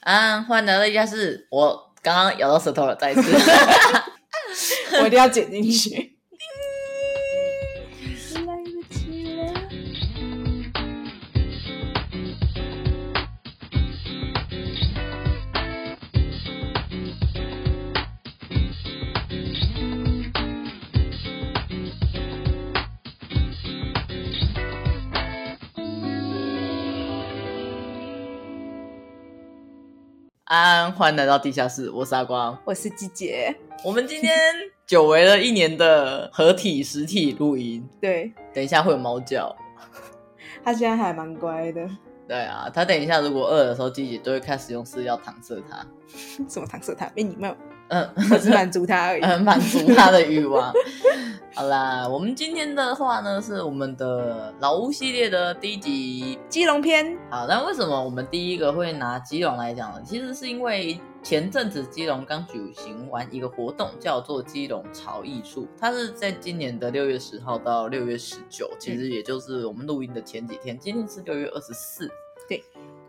啊！換到，嗯、一下是，我剛剛咬到舌頭了，再一次， 我一定要剪進去。 歡迎來到地下事，我是阿光，我是季姐。我們今天久違了一年的合體實體錄音，對。等一下會有貓叫，他現在還蠻乖的。對啊，他等一下如果餓的時候，季姐都會開始用飼料搪塞他。 什麼搪塞它？欸，你沒禮貌。嗯，是滿足他而已。嗯，滿足他的慾望。 好啦，我們今天的話呢，是我們的老屋系列的第一集基隆篇。好，那為什麼我們第一個會拿基隆來講呢？其實是因為前陣子基隆剛舉行完一個活動，叫做基隆潮藝術。它是在今年的六月十號到六月十九、嗯，其實也就是我們錄音的前幾天。今天是六月二十四，對。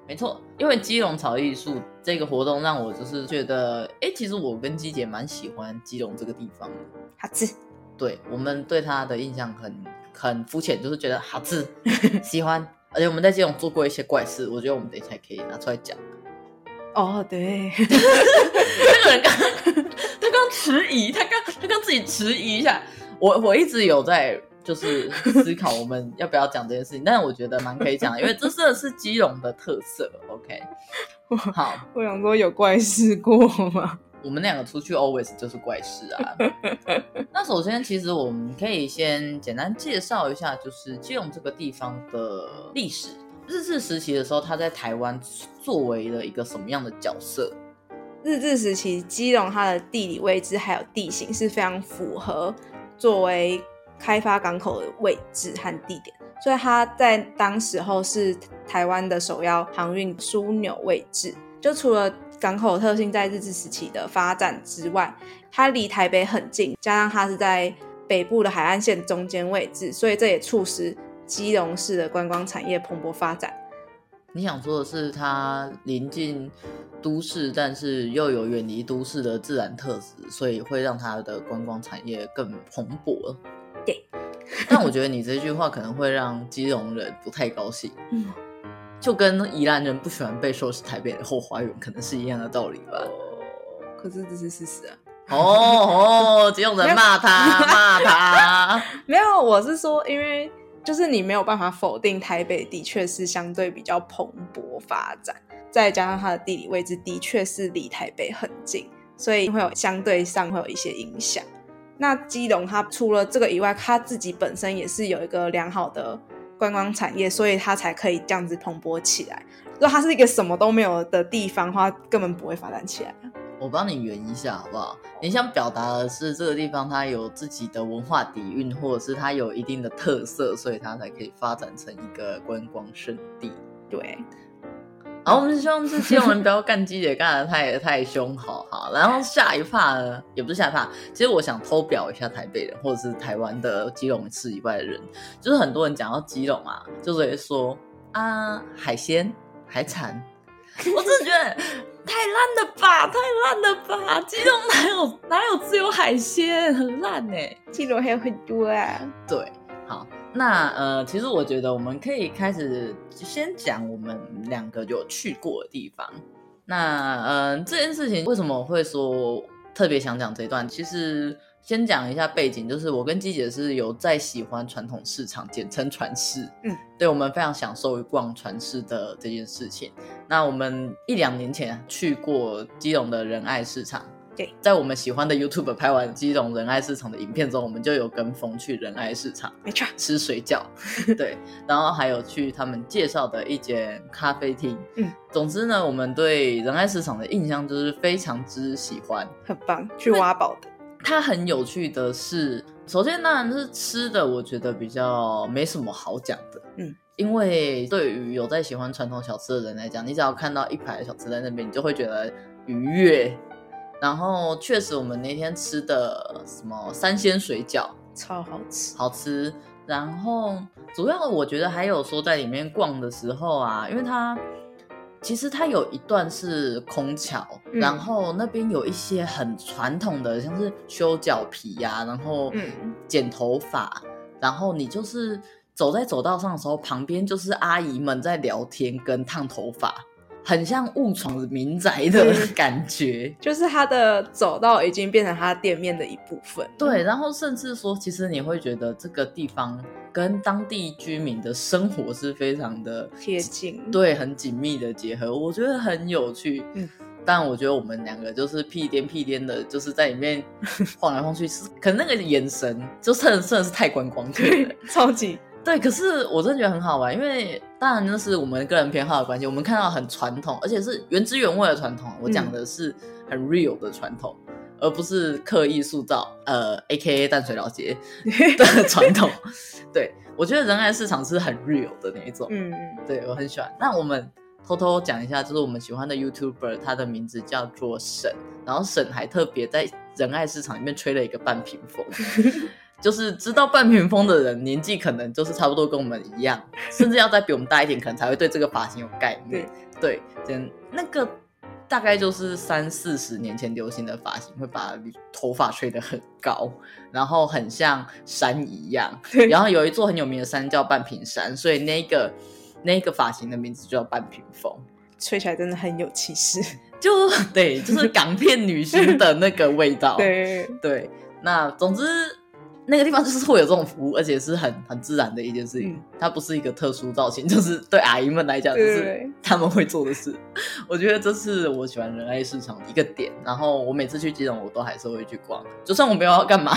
沒錯，因為基隆潮藝術這個活動讓我就是覺得，哎，其實我跟基姐蠻喜歡基隆這個地方的，好吃。對，我們對他的印象很很膚淺，就是覺得好吃，喜歡。 而且我們在基隆做過一些怪事，我覺得我們等一下才可以拿出來講。哦，oh, 對， 這個人剛他剛遲疑，他剛他剛自己遲疑一下，我我一直有在。就是思考我們要不要講這件事情， 但是我覺得蠻可以講，因為這是是基隆的特色。OK，我好，我想說有怪事過嗎？我們兩個出去 always 就是怪事啊。 那首先，其實我們可以先簡單介紹一下，就是基隆這個地方的歷史。日治時期的時候，它在台灣作為了一個什麼樣的角色？日治時期，基隆它的地理位置還有地形是非常符合作為。開發港口的位置和地點，所以它在當時候是台灣的首要航運樞紐位置。就除了港口特性在日治時期的發展之外，它離台北很近，加上它是在北部的海岸線中間位置，所以這也促使基隆市的觀光產業蓬勃發展。你想說的是，它臨近都市，但是又有遠離都市的自然特質，所以會讓它的觀光產業更蓬勃。對 但我覺得你這句話可能會讓基隆人不太高興，嗯，就跟宜蘭人不喜歡被說是台北的後花園，可能是一樣的道理吧。可是這是事實啊。哦哦，基隆人罵他，有罵他。沒有，我是說，因為就是你沒有辦法否定台北的確是相對比較蓬勃發展，再加上它的地理位置的確是離台北很近，所以會有相對上會有一些影響。那基隆它除了這個以外，它自己本身也是有一個良好的觀光產業，所以它才可以這樣子蓬勃起來。如果它是一個什麼都沒有的地方的話，話根本不會發展起來。我幫你圓一下好不好？你想表達的是這個地方它有自己的文化底蘊，或者是它有一定的特色，所以它才可以發展成一個觀光勝地。對。好，我們希望是基隆人不要幹雞姐幹得太太凶，好好。然後下一趴呢，也不是下一趴。其實我想偷表一下台北人或者是台灣的基隆市以外的人，就是很多人講到基隆啊，就會說啊海鮮海產， 我真的覺得太爛了吧，太爛了吧，基隆哪有哪有只有海鮮，很爛呢、欸。基隆還有很多啊，對。那呃，其實我覺得我們可以開始先講我們兩個有去過的地方。那嗯、呃，這件事情為什麼會說特別想講這段？其實先講一下背景，就是我跟姬姐是有在喜歡傳統市場，簡稱傳市，嗯，對我們非常享受逛傳市的這件事情。那我們一兩年前去過基隆的仁愛市場。對在我們喜歡的 YouTube 拍完基隆仁愛市場的影片中，我們就有跟風去仁愛市場，沒錯，吃水餃， 對，然後還有去他們介紹的一間咖啡廳。嗯，總之呢，我們對仁愛市場的印象就是非常之喜歡，很棒，去挖寶的。它很有趣的是，首先當然是吃的，我覺得比較沒什麼好講的。嗯，因為對於有在喜歡傳統小吃的人來講，你只要看到一排小吃在那邊，你就會覺得愉悅。然後確實，我們那天吃的什麼三鮮水餃超好吃，好吃。然後主要我覺得還有說，在裡面逛的時候啊，因為它其實它有一段是空橋，嗯、然後那邊有一些很傳統的，像是修腳皮呀、啊，然後剪頭髮，嗯、然後你就是走在走道上的時候，旁邊就是阿姨們在聊天跟燙頭髮。很像誤闖民宅的感覺，就是他的走道已經變成他店面的一部分。對，然後甚至說，其實你會覺得這個地方跟當地居民的生活是非常的貼近，對，很緊密的結合。我覺得很有趣，嗯，但我覺得我們兩個就是屁顛屁顛的，就是在裡面晃來晃去， 可是可能那個眼神就真的真的是太觀光客了，對，超級。對，可是我真的覺得很好玩，因為當然那是我們個人偏好的關係。我們看到很傳統，而且是原汁原味的傳統。我講的是很 real 的傳統，嗯、而不是刻意塑造，呃，AKA 淡水老街的傳統。 對，我覺得仁愛市場是很 real 的那一種。嗯嗯，對，我很喜歡。那我們偷偷講一下，就是我們喜歡的 YouTuber，他的名字叫做沈，然後沈還特別在仁愛市場裡面吹了一個半屏風。 就是知道半屏風的人，年紀可能就是差不多跟我們一樣，甚至要再比我們大一點， 可能才會對這個髮型有概念。對，對，那個大概就是三四十年前流行的髮型，會把頭髮吹得很高，然後很像山一樣。對然後有一座很有名的山叫半屏山，所以那個那個髮型的名字就叫半屏風。吹起來真的很有氣勢，就對，就是港片女星的那個味道。 對，對，那總之。那個地方就是會有這種服務，而且是很很自然的一件事情。嗯、它不是一個特殊造型，就是對阿姨們來講，就是他們會做的事。我覺得這是我喜歡仁愛市場一個點。然後我每次去基隆，我都還是會去逛，就算我沒有要幹嘛，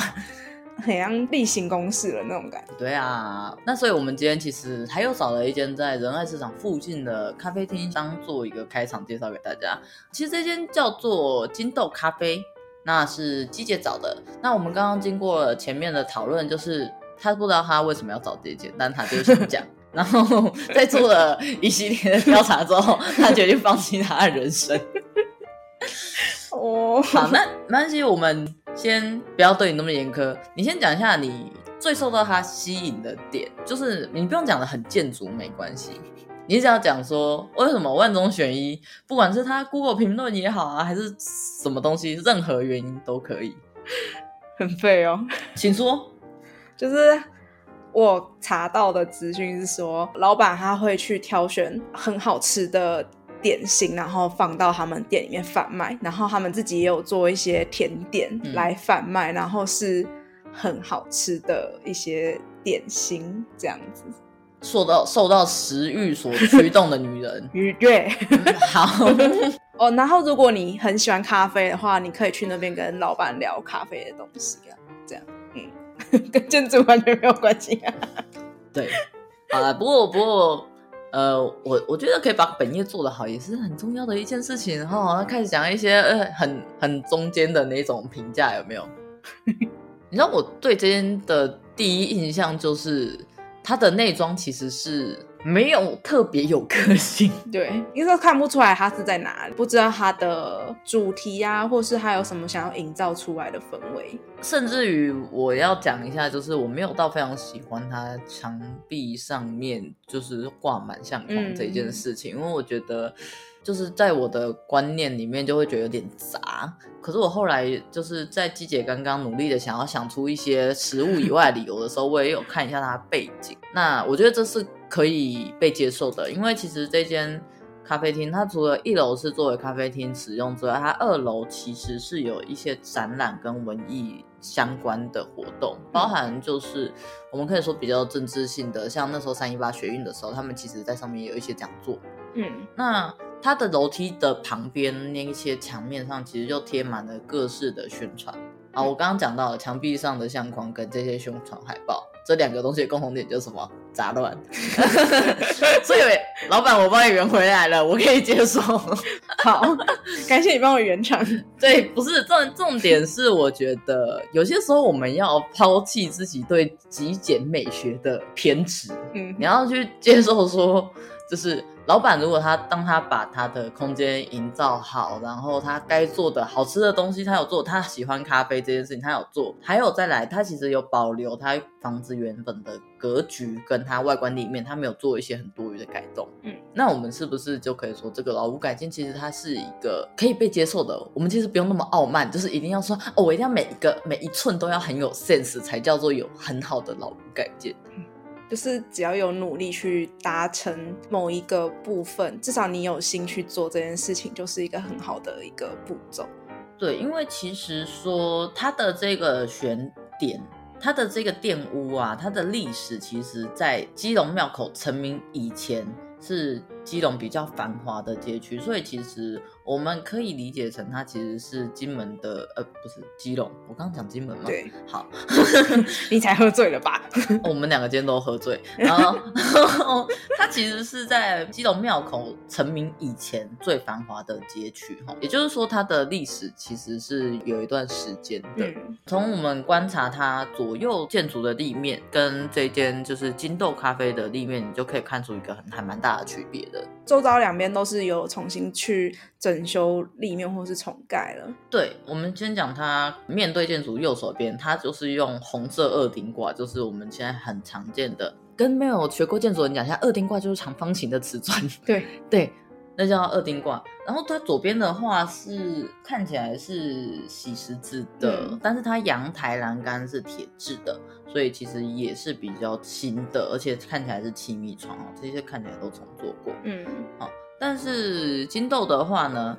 很像例行公事了那種感覺。對啊，那所以我們今天其實還又找了一間在仁愛市場附近的咖啡廳，當做一個開場介紹給大家。其實這間叫做金豆咖啡。那是姬姐找的。那我們剛剛經過了前面的討論，就是他不知道他為什麼要找姬姐，但他就是講。 然後在做了一系列的調查之後，他決定放棄他的人生。哦， 好，那那其實我們先不要對你那麼嚴苛，你先講一下你最受到他吸引的點，就是你不用講得很建築，沒關係。你只要講說為什麼萬中選一，不管是他 Google 評論也好啊，還是什麼東西，任何原因都可以，很廢哦，請說。就是我查到的資訊是說，老闆他會去挑選很好吃的點心，然後放到他們店裡面販賣，然後他們自己也有做一些甜點來販賣，嗯、然後是很好吃的一些點心這樣子。受到受到食欲所驅動的女人愉悅 對 好哦，oh, 然後如果你很喜歡咖啡的話，你可以去那邊跟老板聊咖啡的東西、啊、這樣嗯， 跟建築完全沒有關係啊。對，啊，不過不過呃，我我覺得可以把本業做得好也是很重要的一件事情然後我要開始講一些呃很很中間的那種評價有沒有？ 你知道我對這邊的第一印象就是。它的內裝其實是沒有特別有個性， 對，因為看不出來它是在哪裡，不知道它的主題呀、啊，或是它有什麼想要營造出來的氛圍。甚至於我要講一下，就是我沒有到非常喜歡它牆壁上面就是掛滿相框這件事情，嗯、因為我覺得。就是在我的觀念裡面，就會覺得有點雜。可是我後來就是在季姐剛剛努力的想要想出一些食物以外理由的時候，我也有看一下它的背景。 那我覺得這是可以被接受的，因為其實這間咖啡廳它除了一樓是作為咖啡廳使用之外，它二樓其實是有一些展覽跟文藝相關的活動，包含就是我們可以說比較政治性的，像那時候三一八學運的時候，他們其實在上面也有一些講座。嗯，那。它的樓梯的旁邊那一些牆面上，其實就貼滿了各式的宣傳、嗯、啊。我剛剛講到了牆壁上的相框跟這些宣傳海報，這兩個東西的共同點就是什麼？雜亂。 所以老板，我幫你圓回來了，我可以接受。 好， 感謝你幫我圓場。對，不是重重點是，我覺得有些時候我們要拋棄自己對極簡美學的偏執，嗯、你要去接受說。就是老闆，如果他當他把他的空間營造好，然後他該做的好吃的東西他有做，他喜歡咖啡這件事情他有做，還有再來，他其實有保留他房子原本的格局跟他外觀裡面，他沒有做一些很多餘的改動。嗯，那我們是不是就可以說，這個老屋改建其實它是一個可以被接受的？我們其實不用那麼傲慢，就是一定要說哦，我一定要每一個每一寸都要很有 sense 才叫做有很好的老屋改建。嗯就是只要有努力去達成某一個部分，至少你有心去做這件事情，就是一個很好的一個步驟。對，因為其實說它的這個選點，它的這個玷污啊，它的歷史，其實在基隆廟口成名以前是基隆比較繁華的街區，所以其實我們可以理解成它其實是金門的，呃，不是基隆，我剛剛講金門嘛。對，好， 你才喝醉了吧？我們兩個今天都喝醉。然後，它 其實是在基隆廟口成名以前最繁華的街區，也就是說它的歷史其實是有一段時間的。從、嗯、我們觀察它左右建築的立面跟這間就是金豆咖啡的立面，你就可以看出一個很還蠻大的區別。周遭兩邊都是有重新去整修，立面或是重蓋了。對，我們先講它面對建築右手邊，它就是用紅色二丁掛，就是我們現在很常見的。跟沒有學過建築的人講一下，二丁掛就是長方形的瓷磚。對對。對那叫二丁掛，然後它左邊的話是看起來是洗石子的，嗯、但是它陽台欄杆是鐵質的，所以其實也是比較新的，而且看起來是氣密窗哦，這些看起來都重做過。嗯好，但是金豆的話呢，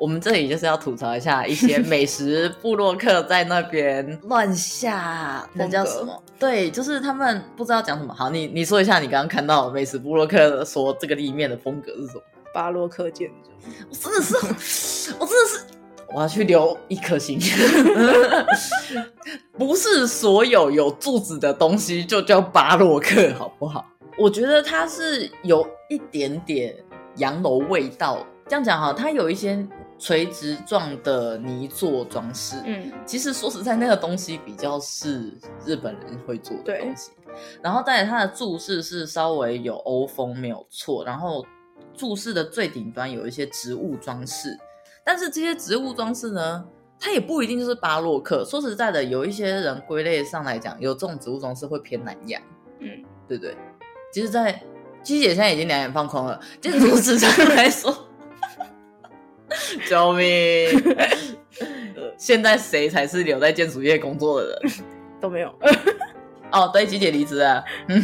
我們這裡就是要吐槽一下一些美食部落客在那邊亂下那叫什麼？ 格對，就是他們不知道講什麼。好，你你說一下你剛剛看到美食部落客說這個立面的風格是什麼？巴洛克建築，我真的是，我真的是，我要去留一顆心。 不是所有有柱子的東西就叫巴洛克，好不好？我覺得它是有一點點洋樓味道。這樣講哈，它有一些垂直狀的泥作裝飾。嗯，其實說實在，那個東西比較是日本人會做的東西。對然後，但是它的柱式是稍微有歐風，沒有錯。然後。柱式的最頂端有一些植物裝飾，但是這些植物裝飾呢，它也不一定就是巴洛克。說實在的，有一些人歸類上來講，有這種植物裝飾會偏南洋，嗯，對，對對？其實在，在雞姐現在已經兩眼放空了。建築史上來說， 救命！ 現在誰才是留在建築業工作的人？都沒有。 哦，對，琪姐離職啊。嗯，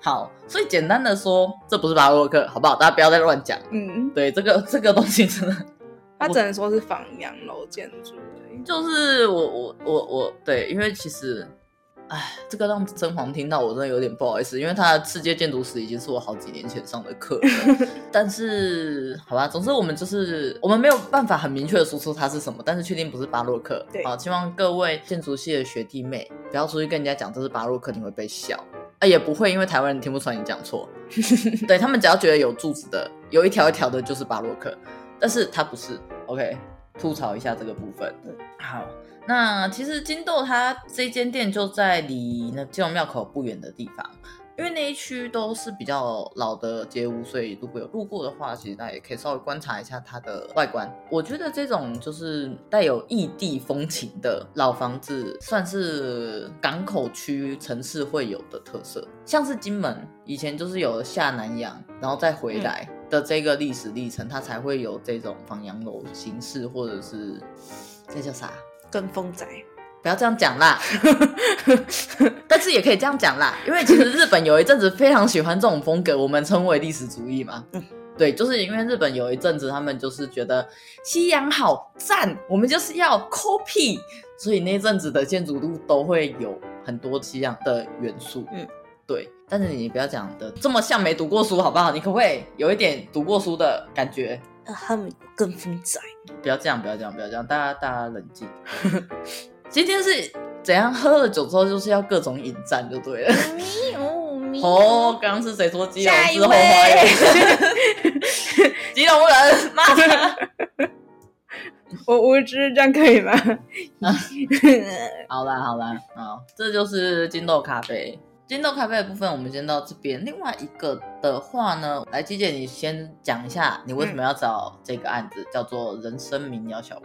好，所以簡單的說，這不是巴洛克，好不好？大家不要再亂講，嗯嗯，對，這個這個東西真的，它只能說是仿洋樓建築，就是我我我我，對，因為其實。哎，這個讓甄黃聽到我真的有點不好意思，因為他的世界建築史已經是我好幾年前上的課了。 但是好吧，總之我們就是我們沒有辦法很明確的說出它是什麼，但是確定不是巴洛克。對，好，希望各位建築系的學弟妹不要出去跟人家講這是巴洛克，你會被笑。啊，也不會，因為台灣人聽不出來你講錯。 對，他們只要覺得有柱子的，有一條一條的，就是巴洛克，但是它不是。OK，吐槽一下這個部分。嗯、好。那其實金豆它這間店就在離那基隆廟口不遠的地方，因為那一區都是比較老的街屋，所以如果有路過的話，其實大家也可以稍微觀察一下它的外觀。我覺得這種就是帶有異地風情的老房子，算是港口區城市會有的特色。像是金門以前就是有了下南洋，然後再回來的這個歷史歷程，它才會有這種仿洋樓形式，或者是那叫啥？跟風仔，不要這樣講啦。 但是也可以這樣講啦，因為其實日本有一陣子非常喜歡這種風格， 我們稱為歷史主義嘛。嗯，對，就是因為日本有一陣子他們就是覺得西洋好讚，我們就是要 copy，所以那陣子的建築都會有很多西洋的元素。嗯，對。但是你不要講的這麼像沒讀過書，好不好？你可不可以有一點讀過書的感覺？啊跟風仔，宅宅不要這樣，不要這樣，不要這樣，大家大家，大家冷靜。 今天是怎樣？喝了酒之後就是要各種引戰就對了。哦哦哦！剛、嗯、剛、嗯嗯 oh, 是誰說基隆？下一位，基隆後 人，媽的！ 我我無知，這樣可以嗎？ 好啦好啦，好，這就是金豆咖啡。金豆咖啡的部分，我們先到這邊。另外一個的話呢，來，雞姐，你先講一下，你為什麼要找這個案子，嗯、叫做“人參民謠小屋”？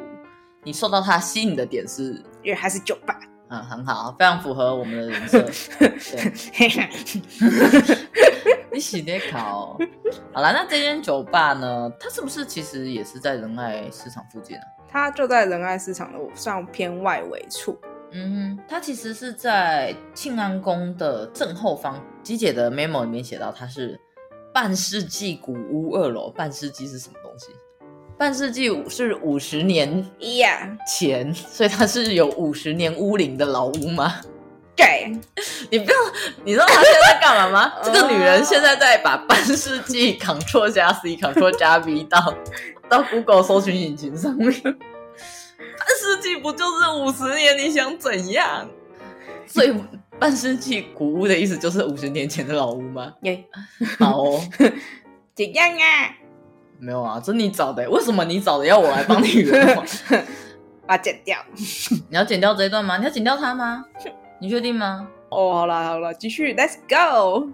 你受到它吸引的點是？因為它是酒吧。嗯，很好，非常符合我們的人設。你洗點卡好了，那這間酒吧呢？它是不是其實也是在仁愛市場附近它、啊、就在仁愛市場的上偏外圍處。嗯，哼，他其實是在慶安宮的正後方。雞姐的 memo 裡面寫到，他是半世紀古屋二樓。半世紀是什麼東西？半世紀是五十年前，Yeah. 所以他是有五十年屋齡的老屋嗎？對，Okay. 你不要，你知道她現在在幹嘛嗎？ 這個女人現在在把半世紀 control 加 c control 加 v 到到 Google 搜尋引擎上面。半世紀不就是五十年？你想怎樣？所以半世紀古屋的意思就是五十年前的老屋嗎？耶 Yeah.、哦，好， 怎樣啊？沒有啊，這是你找的，為什麼你找的要我來幫你圓謊？ 把它剪掉， 你要剪掉這一段嗎？你要剪掉它嗎？你確定嗎？哦、oh,，好啦好啦，繼續，Let's go。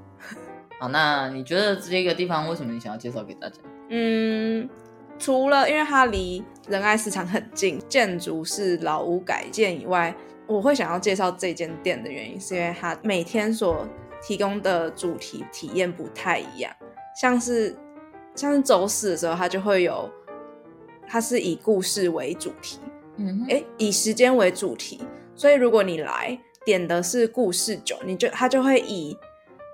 好，那你覺得這一個地方為什麼你想要介紹給大家？嗯。除了因為它離仁愛市場很近，建築是老屋改建以外，我會想要介紹這間店的原因，是因為它每天所提供的主題體驗不太一樣。像是像是走死的時候，它就會有，它是以故事為主題，嗯哼，誒，以時間為主題。所以如果你來點的是故事酒，你就它就會以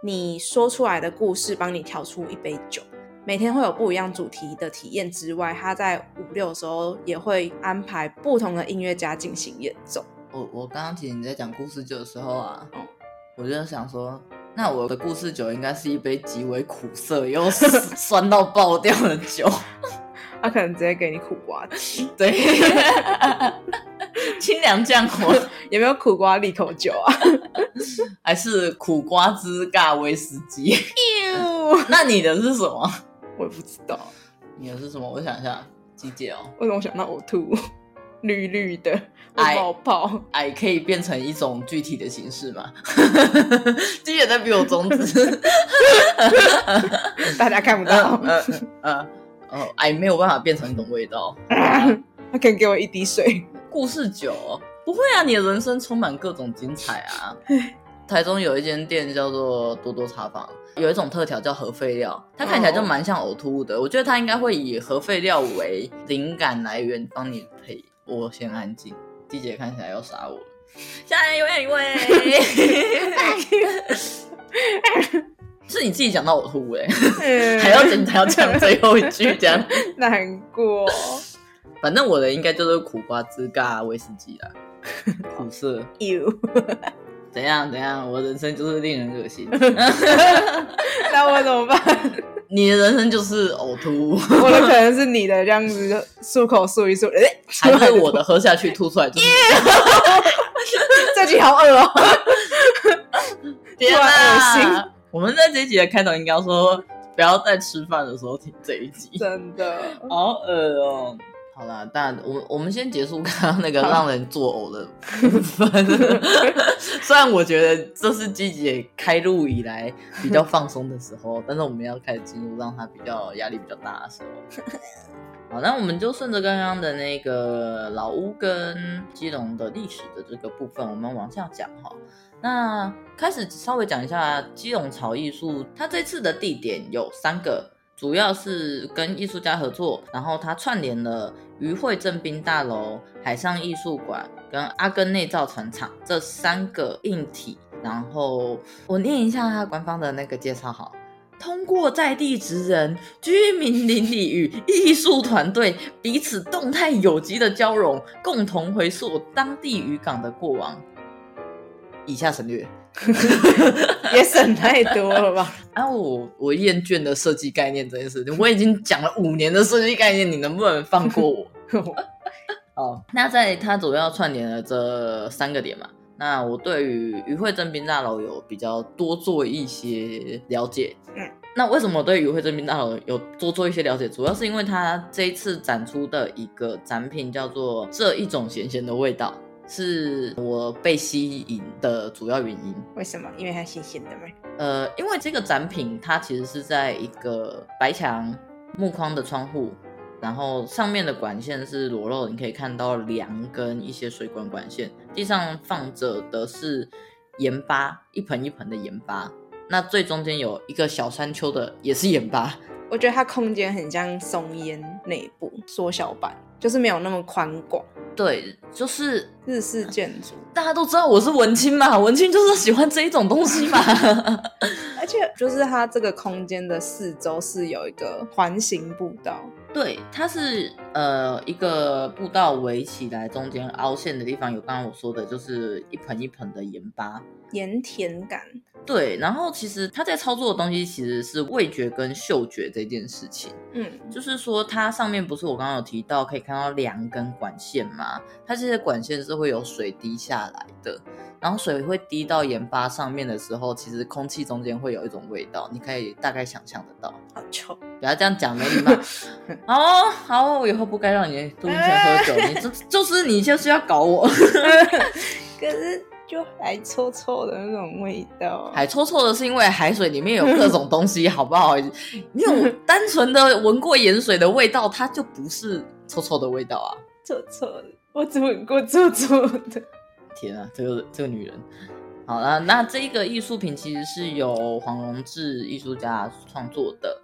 你說出來的故事幫你調出一杯酒。每天會有不一樣主題的體驗之外，他在五六的時候也會安排不同的音樂家進行演奏。哦、我我剛剛聽你在講故事酒的時候啊，嗯、我就想說，那我的故事酒應該是一杯極為苦澀又酸到爆掉的酒， 他可能直接給你苦瓜汁 對， 清涼降火。 有沒有苦瓜利口酒啊？ 還是苦瓜汁尬威士忌？ 那你的是什麼？我也不知道，你的是什麼？我想一下，季節哦。為什麼想到嘔吐？綠綠的，愛泡泡。愛可以變成一種具體的形式嗎？季節在比我中指， 大家看不到 嗯。嗯嗯愛沒有辦法變成一種味道。他肯給我一滴水。 故事酒不會啊，你的人生充滿各種精彩啊。 台中有一間店叫做多多茶坊。有一種特調叫核廢料，它看起來就蠻像嘔吐物的。Oh. 我覺得它應該會以核廢料為靈感來源幫你配。我先安靜，季姐看起來要殺我。下一位，一位，是你自己講到嘔吐哎、欸， 還要整才要講最後一句，這樣難過。 反正我的應該就是苦瓜汁嘎、咖威士忌啦，苦 澀色。You。 怎樣怎樣，我人生就是令人噁心。 那我怎麼辦？你的人生就是嘔吐。 我的可能是你的，這樣子就漱口漱一漱，哎、欸，還是我的喝下去吐出來。這集好噁哦，太 噁哪心。我們在這一集的開頭應該說，不要在吃飯的時候聽這一集。真的，好噁哦、喔。好啦，但我我們先結束剛剛那個讓人作嘔的部分。了 雖然我覺得這是雞姐開錄以來比較放鬆的時候，但是我們要開始進入讓他比較壓力比較大的時候。 好，那我們就順着剛剛的那個老屋跟基隆的歷史的這個部分，我們往下講哈。那開始稍微講一下基隆潮藝術，它這次的地點有三個。主要是跟藝術家合作，然後他串聯了漁會正濱大樓、海上藝術館跟阿根內造船廠這三個硬體。然後我念一下它官方的那個介紹哈：通過在地職人、居民鄰里與藝術團隊彼此動態有機的交融，共同回溯當地漁港的過往。以下省略。 也省太多了吧？ 啊我，我我厭倦的設計概念這件事情，我已經講了五年的設計概念，你能不能放過我？ 好那在它主要串聯了這三個點嘛，那我對於漁會正濱大樓有比較多做一些了解。嗯，那為什麼我對漁會正濱大樓有多做一些了解？主要是因為它這一次展出的一個展品叫做這一種鹹鹹的味道。是我被吸引的主要原因。為什麼？因為它新鮮的嘛。呃，因為這個展品它其實是在一個白牆木框的窗戶，然後上面的管線是裸露，你可以看到樑跟一些水管管線。地上放着的是鹽巴，一盆一盆的鹽巴。那最中間有一個小山丘的也是鹽巴。我覺得它空間很像松菸內部縮小版。就是沒有那麼寬廣，對，就是日式建築，大家都知道我是文青嘛，文青就是喜歡這一種東西嘛， 而且就是它這個空間的四周是有一個環形步道。對，它是呃一個步道圍起來，中間凹陷的地方有剛剛我說的，就是一盆一盆的鹽巴，鹽田感。對，然後其實它在操作的東西其實是味覺跟嗅覺這件事情。嗯，就是說它上面不是我剛剛有提到可以看到兩根管線嗎？它這些管線是會有水滴下來的。然後水會滴到鹽巴上面的時候，其實空氣中間會有一種味道，你可以大概想象得到，好臭！不要這樣講，沒禮貌。 哦，好，我以後不該讓你冬天喝酒，啊、你這就，就是你就是要搞我。 可是就海臭臭的那種味道，海臭臭的是因為海水裡面有各種東西， 好不好？你有單純的聞過鹽水的味道，它就不是臭臭的味道啊。臭臭的，我只聞過臭臭的。天啊，這個這個女人，好了，那這一個藝術品其實是由黃榮志藝術家創作的。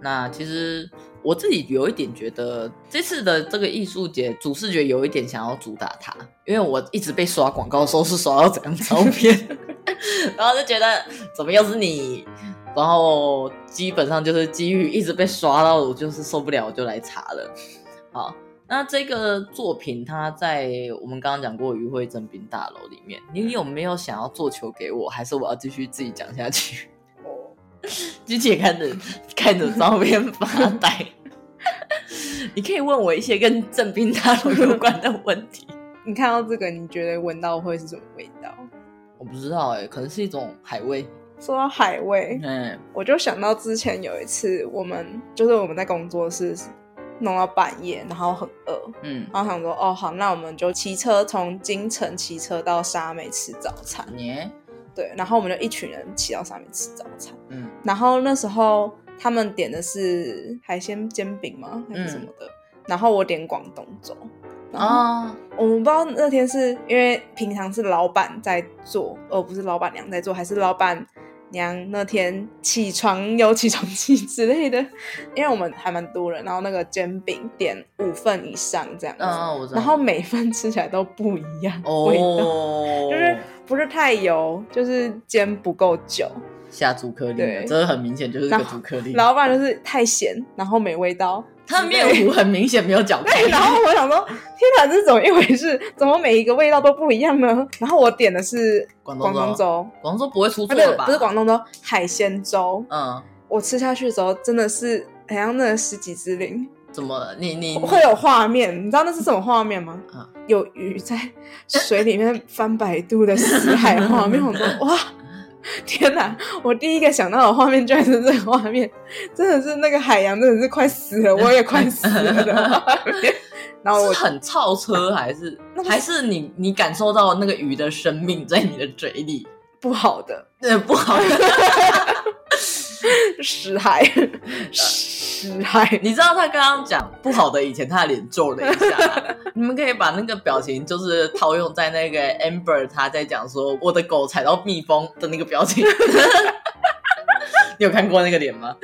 那其實我自己有一點覺得，這次的這個藝術節主視覺有一點想要主打它，因為我一直被刷廣告的時候是刷到這張照片， 然後就覺得怎麼又是你？然後基本上就是機遇一直被刷到，我就是受不了，我就來查了，好。那這個作品，它在我們剛剛講過漁會正濱大樓裡面，你有沒有想要做球給我，還是我要繼續自己講下去？哦， 之前看着看着照片發呆。 你可以問我一些跟正濱大樓有關的問題。你看到這個，你覺得聞到會是什麼味道？我不知道哎、欸，可能是一種海味。說到海味，嗯、欸，我就想到之前有一次，我們就是我們在工作室。弄到半夜，然後很餓，嗯，然後想說，哦好，那我們就騎車從京城騎車到沙美吃早餐，Yeah. 對，然後我們就一群人騎到沙美吃早餐，嗯，然後那時候他們點的是海鮮煎餅嗎？還、那、是、個、什麼的？嗯、然後我點廣東粥，啊，oh. 我們不知道那天是因為平常是老闆在做，而、呃、不是老闆娘在做，還是老闆。娘那天起床有起床氣之類的，因為我們還蠻多人，然後那個煎餅點五份以上這樣子，嗯、哦，我知道，然後每份吃起來都不一樣味道，哦，就是不是太油，就是煎不夠久，下足顆粒，對粒，對，這個很明顯就是個足顆粒，老闆就是太鹹，然後沒味道。他麵糊很明顯沒有攪拌。對。然後我想說，天哪，這是怎麼一回事？怎麼每一個味道都不一樣呢？然後我點的是廣東粥，廣東粥不會出錯吧不？不是廣東粥，海鮮粥。嗯，我吃下去的時候，真的是好像那十幾只靈。怎麼？你你我會有畫面？你知道那是什麼畫面嗎？啊，有魚在水裡面翻白肚的死海畫面，我說 哇。天哪！我第一個想到的畫面居然是這個畫面，真的是那個海洋，真的是快死了，我也快死了的畫面。 然後我是很超車，還是麼還是你你感受到那個魚的生命在你的嘴裡？不好的，真的不好的，死海，死。 嗨，你知道他剛剛講不好的以前他的臉皺了一下， 你們可以把那個表情就是套用在那個 Amber 他在講說我的狗踩到蜜蜂的那個表情， 你有看過那個臉嗎？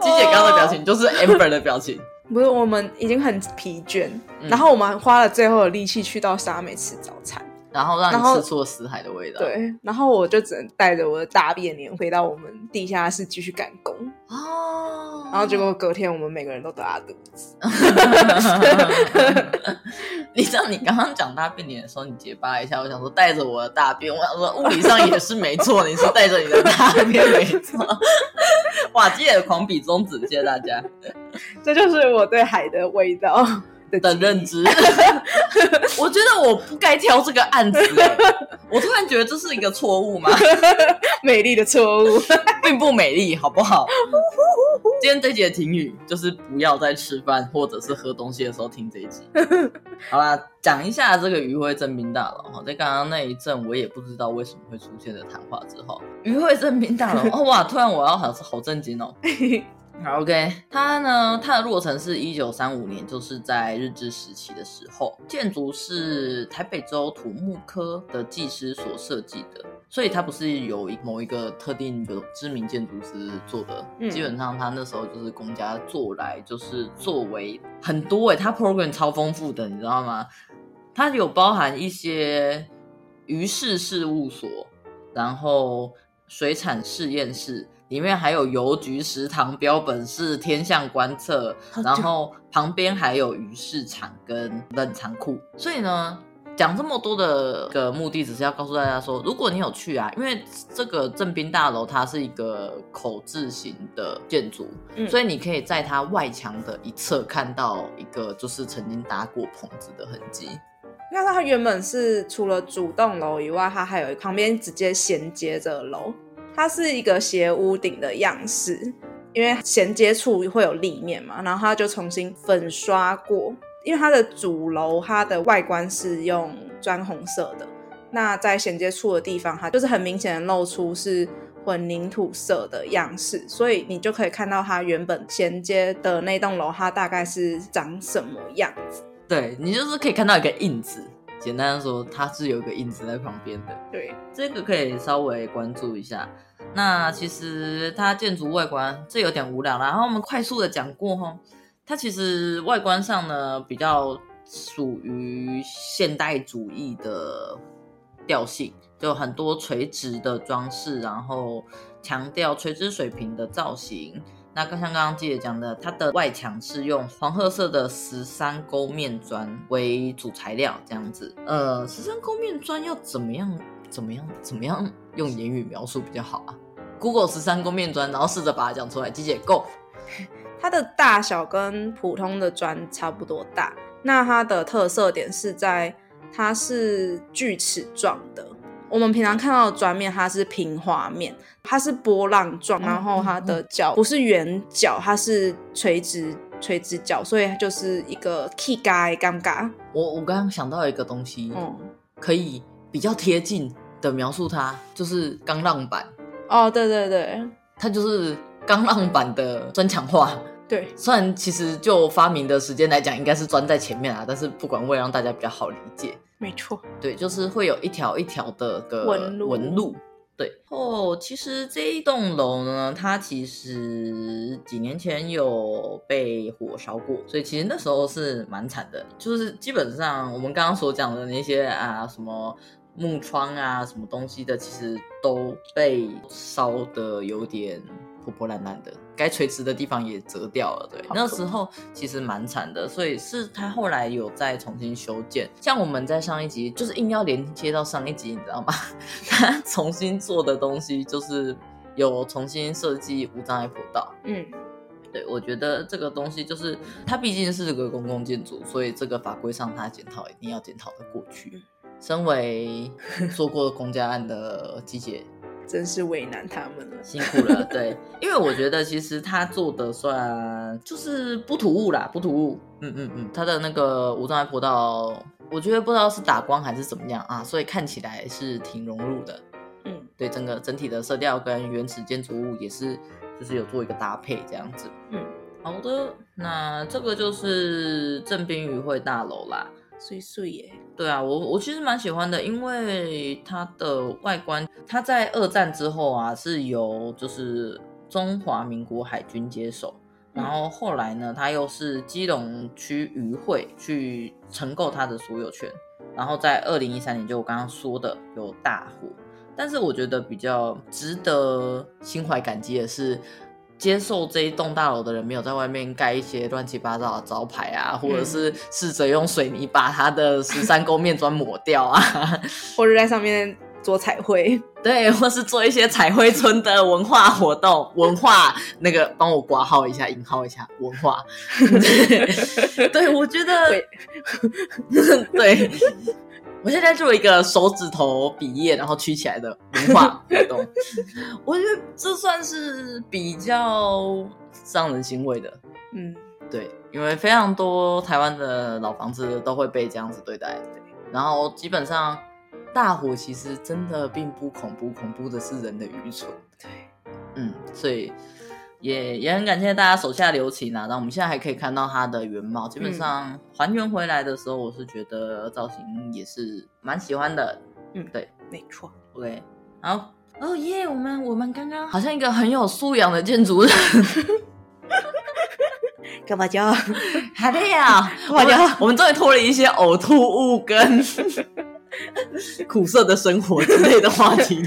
金、oh. 姐剛剛的表情就是 Amber 的表情，不是，我們已經很疲倦，嗯、然後我們花了最後的力氣去到沙美吃早餐。然後讓你吃出死海的味道。對，然後我就只能帶着我的大便臉回到我們地下室繼續趕工。哦。然後結果隔天我們每個人都拉肚子。 你知道你剛剛講大變臉的時候，你結巴一下，我想說帶着我的大便，我想說物理上也是沒錯， 你是帶着你的大便沒錯。瓦基爾狂比中指，謝謝大家。這就是我對海的味道的認知， 我覺得我不該挑這個案子，我突然覺得這是一個錯誤嘛，美麗的錯誤，並不美麗，好不好？呼呼呼，今天這集的聽語就是不要在吃飯或者是喝東西的時候聽這一集。好啦，講一下這個漁會正濱大樓哈，在剛剛那一陣我也不知道為什麼會出現的談話之後，漁會正濱大樓，哦，哇，突然我要好像是好震驚哦。 好，OK，他呢？他的落成是一九三五年，就是在日治時期的時候。建築是台北州土木科的技師所設計的，所以他不是有一某一個特定的知名建築師做的。嗯、基本上，他那時候就是公家做來，就是作為很多誒、欸，他 program 超豐富的，你知道嗎？它有包含一些魚市事務所，然後水產試驗室。裡面還有郵局、食堂、標本室、天象觀測，然後旁邊還有魚市場跟冷藏庫。所以呢，講這麼多的個目的，只是要告訴大家說，如果你有去啊，因為這個正濱大樓它是一個口字型的建築，嗯、所以你可以在它外牆的一側看到一個就是曾經搭過棚子的痕跡。那它原本是除了主棟樓以外，它還有旁邊直接銜接着樓。它是一個斜屋頂的樣式，因為銜接處會有立面嘛，然後它就重新粉刷過。因為它的主樓它的外觀是用磚紅色的，那在銜接處的地方，哈，就是很明顯的露出是混凝土色的樣式，所以你就可以看到它原本銜接的那棟樓，它大概是長什麼樣子。對，你就是可以看到一個印子，簡單的說，它是有一個印子在旁邊的。對，這個可以稍微關注一下。那其實它建築外觀這有點無聊啦，然後我們快速的講過吼，它其實外觀上呢比較屬於現代主義的調性，就很多垂直的裝飾，然後強調垂直水平的造型。那剛像剛剛記得講的，它的外牆是用黃褐色的十三溝面磚為主材料，這樣子。呃，十三溝面磚要怎麼樣？怎麼樣？怎麼樣用言語描述比較好啊？Google 十三溝面磚，然後試着把它講出來。姐姐，Go，它的大小跟普通的磚差不多大。那它的特色點是在它是鋸齒狀的。我們平常看到的磚面，它是平滑面，它是波浪狀，然後它的角不是圓角，它是垂直垂直角，所以它就是一個氣蓋尷尬。我我剛剛想到一個東西，嗯，可以。比較貼近的描述它，它就是鋼浪板哦，oh, 對對對，它就是鋼浪板的磚牆化。對，雖然其實就發明的時間來講，應該是磚在前面啊，但是不管會讓大家比較好理解，沒錯，對，就是會有一條一條的個紋路。紋路，對。哦，其實這一棟樓呢，它其實幾年前有被火燒過，所以其實那時候是蠻慘的，就是基本上我們剛剛所講的那些啊什麼。木窗啊，什麼東西的，其實都被燒得有點破破爛爛的，該垂直的地方也折掉了。對，那時候其實蠻慘的，所以是他後來有再重新修建。像我們在上一集，就是硬要連接到上一集，你知道嗎？他重新做的東西，就是有重新設計無障礙坡道。嗯，對，我覺得這個東西就是它畢竟是個公共建築，所以這個法規上他檢討一定要檢討得過去。身為做過公家案的季姐， 真是為難他們了， 辛苦了。對，因為我覺得其實他做的算就是不突兀啦，不突兀。嗯嗯嗯，他的那個無障礙坡道，我覺得不知道是打光還是怎麼樣啊，所以看起來是挺融入的。嗯，對，整個整體的色調跟原始建築物也是，就是有做一個搭配這樣子。嗯，好的，那這個就是正濱漁會大樓啦，碎碎耶。對啊，我我其實蠻喜歡的，因為它的外觀，它在二戰之後啊是由就是中華民國海軍接手，然後後來呢，它又是基隆區漁會去承購它的所有權，然後在二零一三年就我剛剛說的有大火，但是我覺得比較值得心懷感激的是。接受這一棟大樓的人，沒有在外面蓋一些亂七八糟的招牌啊，或者是試着用水泥把他的十三溝面磚抹掉啊，或者在上面做彩繪，對，或是做一些彩繪村的文化活動，文化那個幫我括號一下，引號一下文化 對，對，我覺得喂 對。我現在做一個手指頭比耶，然後曲起來的文化活動， 我覺得這算是比較讓人欣慰的。嗯，對，因為非常多台灣的老房子都會被這樣子對待，對，然後基本上大火其實真的並不恐怖，恐怖的是人的愚蠢。對，嗯，所以。也也很感謝大家手下留情啊，然後我們現在還可以看到它的原貌。基本上還原回來的時候，我是覺得造型也是蠻喜歡的。嗯，對，沒錯。OK，好，哦耶，我們我們剛剛好像一個很有素養的建築人。幹嘛叫？還得啊！我講，我們終於脫離一些嘔吐物跟苦澀的生活之類的話題。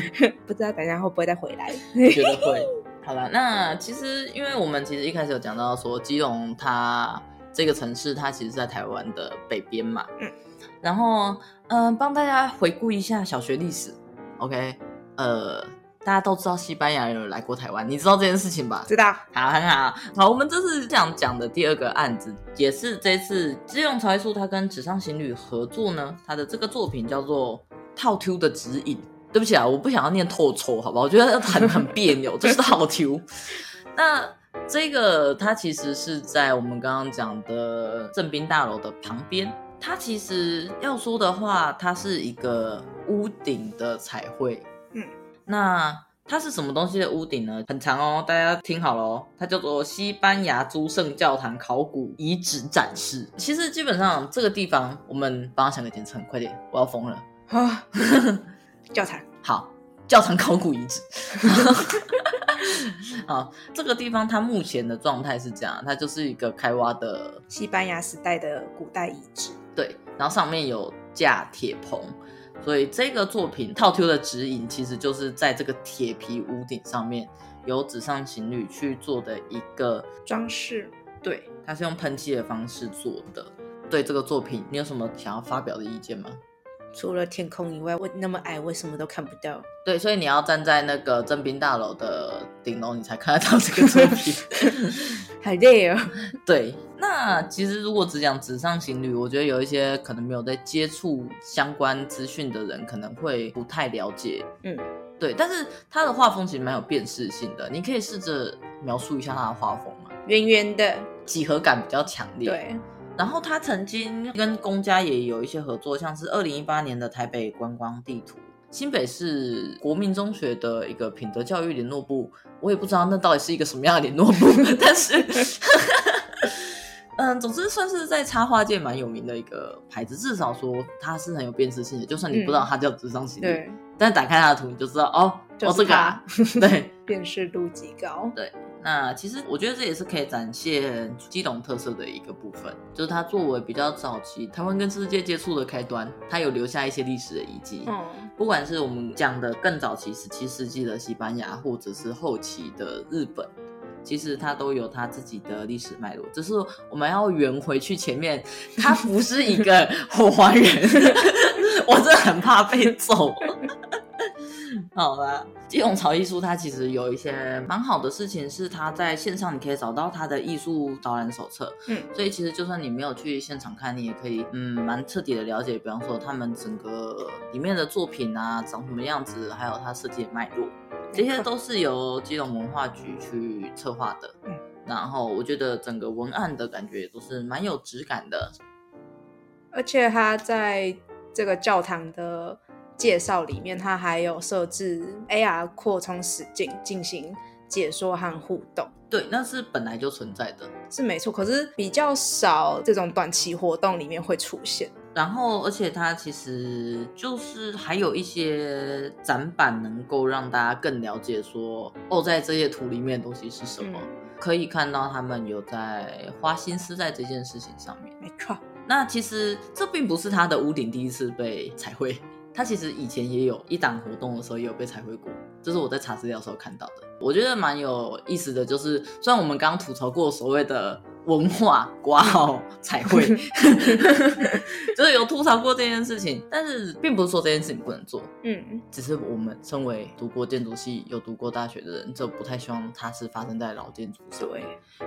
不知道等一下會不會再回來？我覺得會。好了，那其實因為我們其實一開始有講到說基隆它這個城市，它其實在台灣的北邊嘛。嗯，然後嗯，幫大家回顧一下小學歷史，OK？呃，大家都知道西班牙人來過台灣，你知道這件事情吧？知道。好，很好。好，我們這次想講的第二個案子，也是這次基隆潮藝術他跟紙上行旅合作呢，他的這個作品叫做《套圖的指引》。對不起啊，我不想要念透抽，好吧？我覺得很很彆扭， 這是好球 那這個它其實是在我們剛剛講的正濱大樓的旁邊。它其實要說的話，它是一個屋頂的彩繪。嗯，那它是什麼東西的屋頂呢？很長哦，大家聽好了哦，它叫做西班牙諸聖教堂考古遺址展示。其實基本上這個地方，我們幫他想個簡稱，快點，我要瘋了。 教堂，好，教堂考古遺址。 好，這個地方它目前的狀態是這樣，它就是一個開挖的西班牙時代的古代遺址。對，然後上面有架鐵棚，所以這個作品套 q 的指引其實就是在這個鐵皮屋頂上面，由紙上行旅去做的一個裝飾。對，它是用噴漆的方式做的。對，這個作品你有什麼想要發表的意見嗎？除了天空以外，我那麼矮，我什麼都看不到。對，所以你要站在那個正濱大樓的頂樓，你才看得到這個作品。 還累哦，對。那其實如果只講紙上行旅，我覺得有一些可能沒有在接觸相關資訊的人，可能會不太了解。嗯，對。但是他的畫風其實蠻有辨識性的，你可以試着描述一下他的畫風嗎？圓圓的，幾何感比較強烈。對。然後他曾經跟公家也有一些合作，像是二零一八年的台北觀光地圖、新北市國民中學的一個品德教育聯絡部，我也不知道那到底是一個什麼樣的聯絡部，但是， 嗯，總之算是在插畫界蠻有名的一個牌子，至少說它是很有辨識性的，就算你不知道他叫紙上行旅，對，但打開他的圖你就知道哦，就是哦這個對，辨識度極高，對。那其實我覺得這也是可以展現基隆特色的一個部分，就是它作為比較早期台灣跟世界接觸的開端，它有留下一些歷史的遺跡。哦、不管是我們講的更早期十七世紀的西班牙，或者是後期的日本，其實它都有它自己的歷史脈絡。只是我們要圓回去前面，它不是一個後花園， 我真的很怕被揍。 好啦，基隆潮藝術它其實有一些蠻好的事情，是它在線上你可以找到它的藝術導覽手冊。嗯，所以其實就算你沒有去現場看，你也可以嗯蠻徹底的了解，比方說他們整個裡面的作品啊長什麼樣子，還有它設計的脈絡，這些都是由基隆文化局去策劃的。嗯，然後我覺得整個文案的感覺都是蠻有質感的，而且它在這個教堂的介紹裡面，它還有設置 AR 擴充實境進行解說和互動。對，那是本來就存在的，是沒錯。可是比較少這種短期活動裡面會出現。然後，而且它其實就是還有一些展板，能夠讓大家更了解說，哦，在這些圖裡面的東西是什麼。嗯。可以看到他們有在花心思在這件事情上面。沒錯。那其實這並不是它的屋頂第一次被彩繪。他其實以前也有一檔活動的時候也有被踩回過，這是我在查資料的時候看到的。我覺得蠻有意思的就是，雖然我們剛剛吐槽過所謂的文化括號彩繪， 就是有吐槽過這件事情，但是並不是說這件事情不能做，嗯，只是我們身為讀過建築系、有讀過大學的人，就不太希望它是發生在老建築所。對，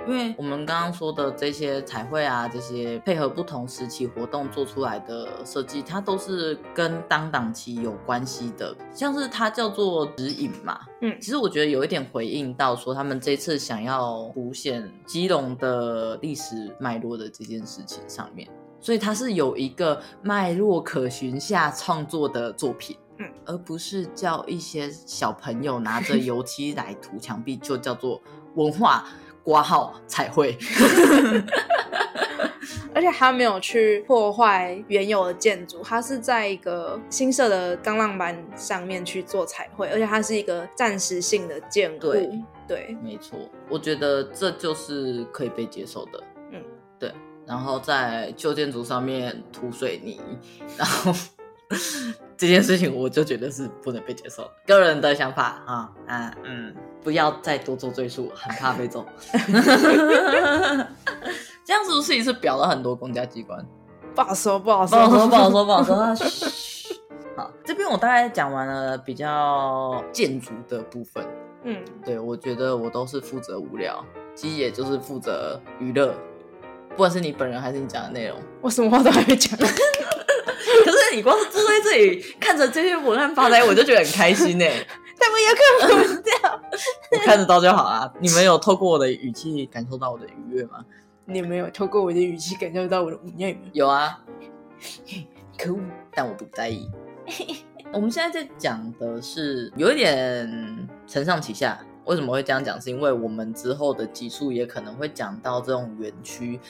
因為我們剛剛說的這些彩繪啊，這些配合不同時期活動做出來的設計，它都是跟當檔期有關係的，像是它叫做指引嘛。嗯，其實我覺得有一點回應到說，他們這次想要凸顯基隆的歷史脈絡的這件事情上面，所以他是有一個脈絡可循下創作的作品，嗯，而不是叫一些小朋友拿着油漆來塗牆壁，就叫做文化掛號彩繪。 它沒有去破壞原有的建築，它是在一個新設的鋼浪板上面去做彩繪，而且它是一個暫時性的建築。對，對沒錯，我覺得這就是可以被接受的。嗯，對。然後在舊建築上面塗水泥，然後這件事情我就覺得是不能被接受。個人的想法啊，嗯嗯，不要再多做贅述，很怕被揍。 這樣子是不是也是表了很多公家機關？不好說，不好說，不好說，不好說，好好，這邊我大概講完了比較建築的部分。嗯，對，我覺得我都是負責無聊，其實也就是負責娛樂，不管是你本人還是你講的內容，我什麼話都還沒講。可是你光是坐在這裡看着這些文案發呆，我就覺得很開心哎、欸。他們也可能這樣， 我看得到就好了、啊。你們有透過我的語氣感受到我的愉悅嗎？你有沒有透過我的語氣感受到我的無奈？有啊， 可惡惡，但我不在意。 我們現在在講的是有一點承上啟下，為什麼會這樣講？嗯、是因為我們之後的集數也可能會講到這種園區，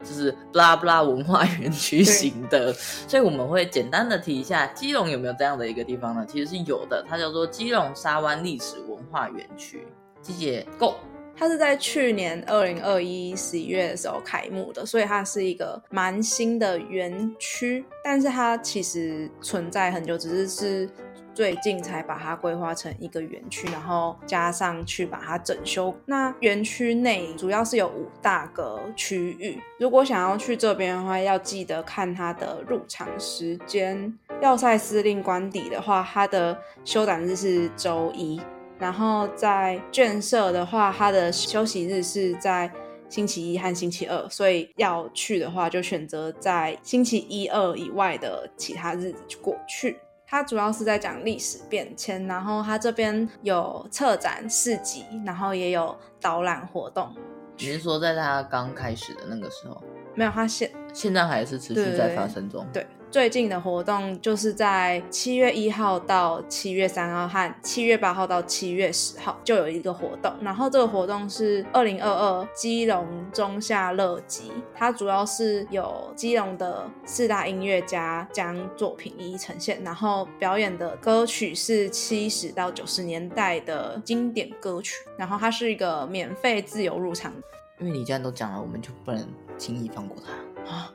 就是布拉布拉文化園區型的，對所以我們會簡單的提一下，基隆有沒有這樣的一個地方呢？其實是有的，它叫做基隆沙灣歷史文化園區。謝謝 Go 它是在去年二零二一十一月的時候開幕的，所以它是一個蠻新的園區。但是它其實存在很久，只是是最近才把它規劃成一個園區，然後加上去把它整修。那園區內主要是有五大個區域。如果想要去這邊的話，要記得看它的入場時間。要塞司令官邸的話，它的休館日是周一。然後在眷舍的話，它的休息日是在星期一和星期二，所以要去的話就選擇在星期一、二以外的其他日子去過去。它主要是在講歷史變遷，然後它這邊有策展市集，然後也有導覽活動。只是說在它剛開始的那個時候？沒有，他現現在還是持續在發生中，對。對。最近的活動就是在七月一號到七月三號和七月八號到七月十號，就有一個活動，然後這個活動是二零二二基隆中夏樂集，它主要是由基隆的四大音樂家將作品一一呈現，然後表演的歌曲是七十到九十年代的經典歌曲，然後它是一個免費自由入場，因為你既然都講了，我們就不能輕易放過他啊。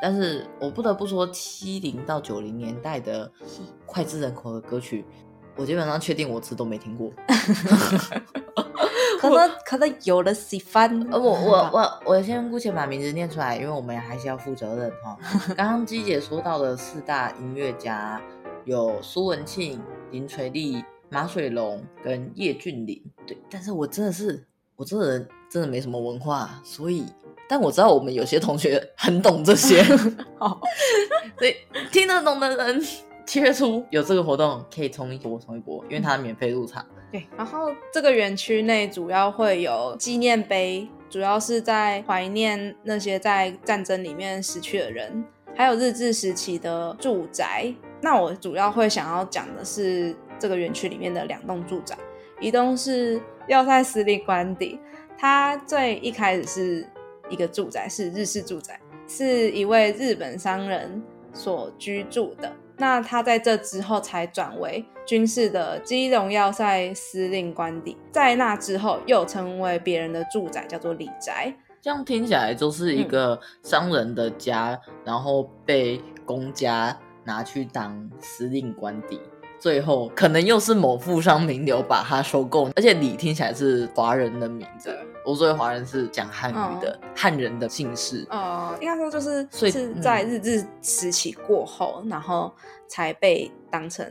但是我不得不說，七零到九零年代的膾炙人口的歌曲，我基本上確定我詞都沒聽過。可能可能有了喜歡，我我我我先目前把名字念出來，因為我們還是要負責任哈。剛剛基姐說到的四大音樂家有蘇文慶、林垂立、馬水龍跟葉俊麟，對。但是我真的是我這個人真的沒什麼文化，所以。但我知道我們有些同學很懂這些，嗯， 好，所以 聽得懂的人，七月初有這個活動，可以衝一波，衝一波，因為它免費入場。對，okay, 然後這個園區內主要會有紀念碑，主要是在懷念那些在戰爭裡面死去的人，還有日治時期的住宅。那我主要會想要講的是這個園區裡面的兩棟住宅，一棟是要塞司令官邸，他最一開始是。一個住宅是日式住宅，是一位日本商人所居住的。那他在這之後才轉為軍事的基隆要塞司令官邸。在那之後又成為別人的住宅，叫做李宅。這樣聽起來就是一個商人的家，嗯、然後被公家拿去當司令官邸。最後，可能又是某富商名流把它收購，而且你聽起來是華人的名字，嗯、我作為華人是講漢語的，漢、哦、人的姓氏哦、呃，應該說就是、嗯、是在日治時期過後，然後才被當成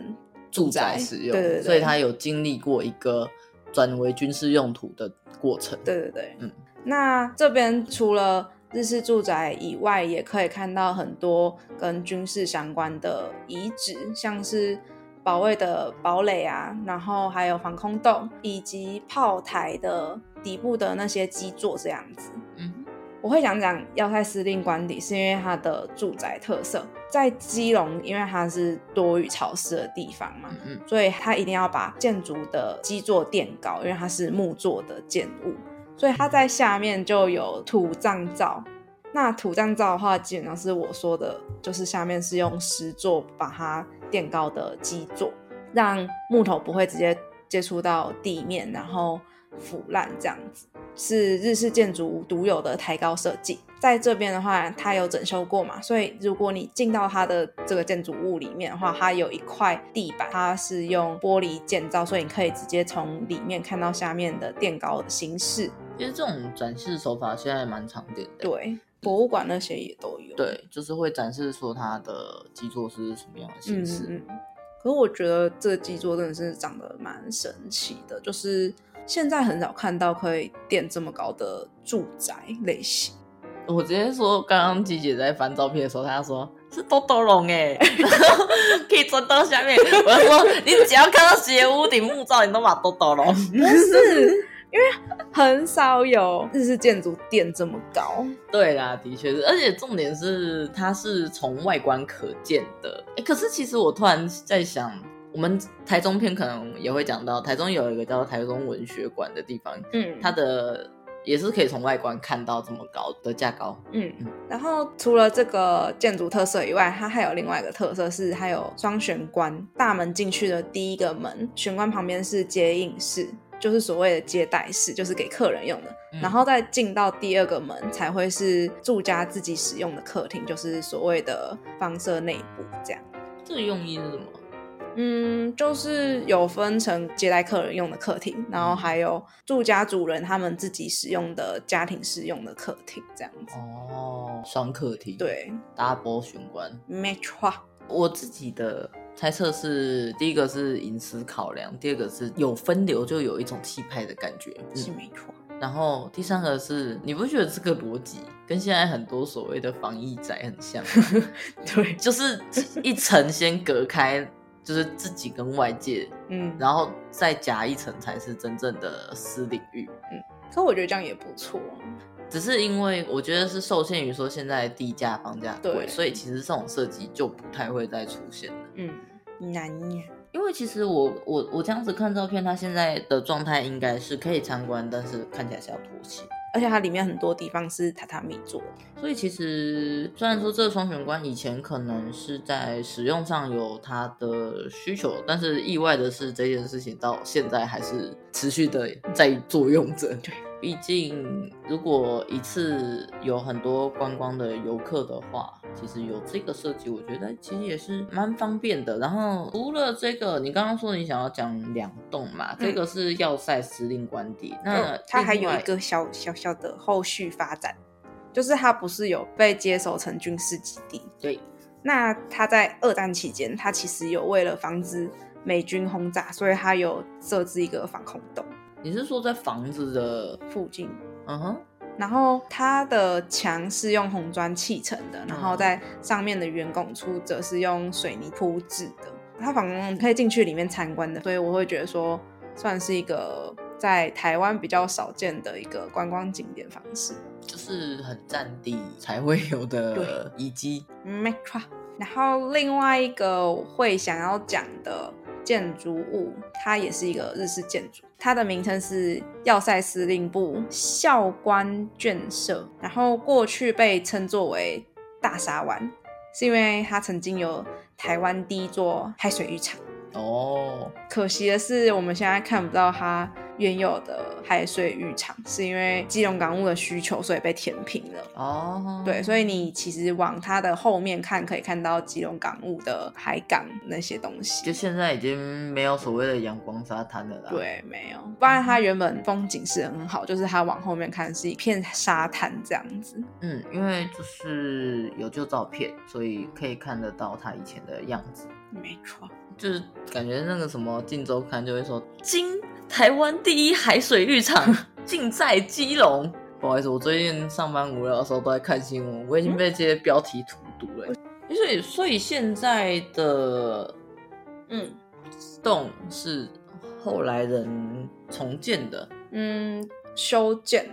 住宅，住宅使用，對對對，所以他有經歷過一個轉為軍事用途的過程，對對對，嗯，那這邊除了日式住宅以外，也可以看到很多跟軍事相關的遺址，像是。保衛的堡壘啊，然後還有防空洞以及炮台的底部的那些基座這樣子。嗯哼，我會想講講要塞司令官邸，是因為它的住宅特色在基隆，因為它是多雨潮濕的地方嘛，嗯哼，所以它一定要把建築的基座墊高，因為它是木作的建物，所以它在下面就有土葬造。那土葬造的話，基本上是我說的，就是下面是用石作把它。墊高的基座，讓木頭不會直接接觸到地面，然後腐爛這樣子，是日式建築獨有的抬高設計。在這邊的話，它有整修過嘛，所以如果你進到它的這個建築物裡面的話，它有一塊地板，它是用玻璃建造，所以你可以直接從裡面看到下面的墊高的形式。其實這種展示手法現在蠻常見的。對，對。對博物館那些也都有，對，就是會展示說它的基座是什麼樣的形式。嗯，可是我覺得這個基座真的是長得蠻神奇的，就是現在很少看到可以墊這麼高的住宅類型。我直接說，剛剛姐姐在翻照片的時候，她說是多多龍哎、欸，然後 可以鑽到下面。我說 你只要看到斜屋頂木造， 你都把多多龍。不 是。 因為很少有日式建築墊這麼高，對啦，的確是，而且重點是它是從外觀可見的。哎、欸，可是其實我突然在想，我們台中篇可能也會講到，台中有一個叫做台中文學館的地方，嗯，它的也是可以從外觀看到這麼高的架高，嗯。嗯然後除了這個建築特色以外，它還有另外一個特色是，還有雙玄關，大門進去的第一個門，玄關旁邊是接應室。就是所謂的接待室，就是給客人用的，嗯、然後再進到第二個門才會是住家自己使用的客廳，就是所謂的房舍內部這樣。這用意是什麼？嗯，就是有分成接待客人用的客廳，嗯、然後還有住家主人他們自己使用的家庭使用的客廳這樣子。哦，雙客廳。對，double 玄關。Metro。沒錯我自己的。猜測是第一個是隱私考量，第二個是有分流就有一種氣派的感覺，嗯、是沒錯。然後第三個是，你不覺得這個邏輯跟現在很多所謂的防疫宅很像？ 對，就是一層先隔開， 就是自己跟外界，嗯，然後再夾一層才是真正的私領域，嗯。可我覺得這樣也不錯，只是因為我覺得是受限於說現在地價房價貴，對所以其實這種設計就不太會再出現。嗯，難呀。因為其實我我我這樣子看照片，它現在的狀態應該是可以參觀，但是看起來是要妥協。而且它裡面很多地方是榻榻米做。所以其實雖然說這雙玄關以前可能是在使用上有它的需求，但是意外的是這件事情到現在還是持續的在作用着。對。 畢竟，如果一次有很多觀光的遊客的話，其實有這個設計，我覺得其實也是蠻方便的。然後，除了這個，你剛剛說你想要講兩棟嘛，這個是要塞司令官邸，嗯、那它還有一個小小小的後續發展，就是它不是有被接手成軍事基地？對。那它在二戰期間，它其實有為了防止美軍轟炸，所以它有設置一個防空洞。你是說在房子的附近，嗯哼、uh，huh、然後它的牆是用紅磚砌成的，嗯、然後在上面的圓拱處，則是用水泥鋪制的，它房可以進去裡面參觀的，所以我會覺得說，算是一個在台灣比較少見的一個觀光景點方式，就是很占地才會有的遺跡。沒錯，然後另外一個我會想要講的。建築物它也是一個日式建築，它的名稱是要塞司令部校官眷舍，然後過去被稱作為大沙灣，是因為它曾經有台灣第一座海水浴場。哦，oh. 可惜的是，我們現在看不到它原有的海水浴場，是因為基隆港務的需求，所以被填平了。哦，oh. 對，所以你其實往它的後面看，可以看到基隆港務的海港那些東西。就現在已經沒有所謂的陽光沙灘了啦。對，沒有。不然它原本風景是很好，嗯、就是它往後面看是一片沙灘這樣子。嗯，因為就是有舊照片，所以可以看得到它以前的樣子。沒錯。就是感覺那個什麼《今周刊》就會說“今台灣第一海水浴場盡 在基隆”。不好意思，我最近上班無聊的時候都在看新聞，我已經被這些標題荼毒了。嗯、所以，所以現在的嗯，洞是後來人重建的，嗯，修建。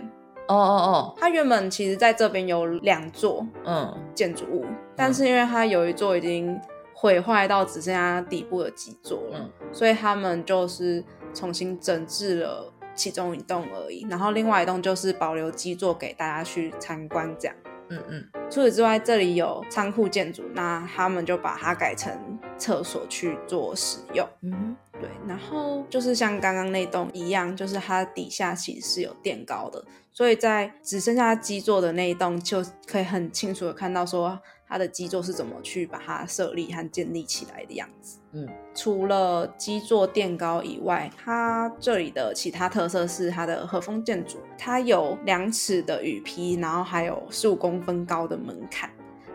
哦哦哦，它原本其實在這邊有兩座嗯建築物，嗯、但是因為它有一座已經。毀壞到只剩下底部的基座了，嗯、所以他們就是重新整治了其中一棟而已，然後另外一棟就是保留基座給大家去參觀，這樣。嗯嗯。除此之外，這裡有倉庫建築，那他們就把它改成廁所去做使用。嗯哼，對。然後就是像剛剛那棟一,一樣，就是它底下其實是有墊高的，所以在只剩下基座的那一棟就可以很清楚的看到說。它的基座是怎麼去把它設立和建立起來的樣子。嗯，除了基座墊高以外，它這裡的其他特色是它的和風建築，它有兩尺的雨披，然後還有十五公分高的門檻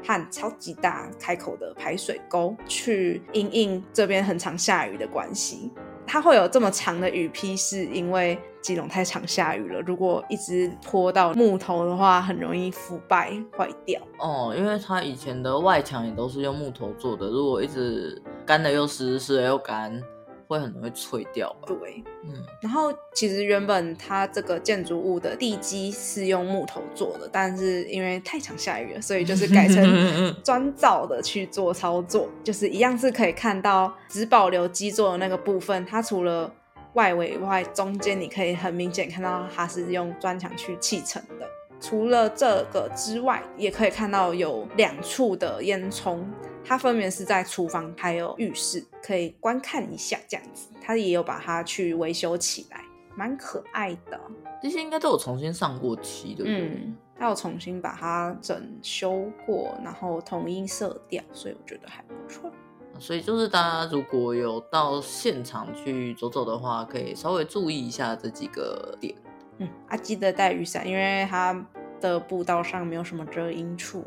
和超級大開口的排水溝，去因應這邊很常下雨的關係，它會有這麼長的雨披，是因為。這種太常下雨了，如果一直拖到木頭的話，很容易腐敗壞掉。哦，因為它以前的外牆也都是用木頭做的，如果一直乾的又濕，濕的又乾，會很容易脆掉吧。對，嗯，然後其實原本它這個建築物的地基是用木頭做的，但是因為太常下雨了，所以就是改成磚造的去做操作， 就是一樣是可以看到只保留基座的那個部分，它除了。外圍外中間，你可以很明顯看到它是用磚牆去砌成的。除了這個之外，也可以看到有兩處的煙囪，它分別是在廚房還有浴室，可以觀看一下這樣子。它也有把它去維修起來，蠻可愛的。這些應該都有重新上過漆的，對對嗯，它有重新把它整修過，然後統一色調，所以我覺得還不錯。所以就是大家如果有到現場去走走的話，可以稍微注意一下這幾個點。嗯，啊，記得帶雨傘，因為它的步道上沒有什麼遮陰處。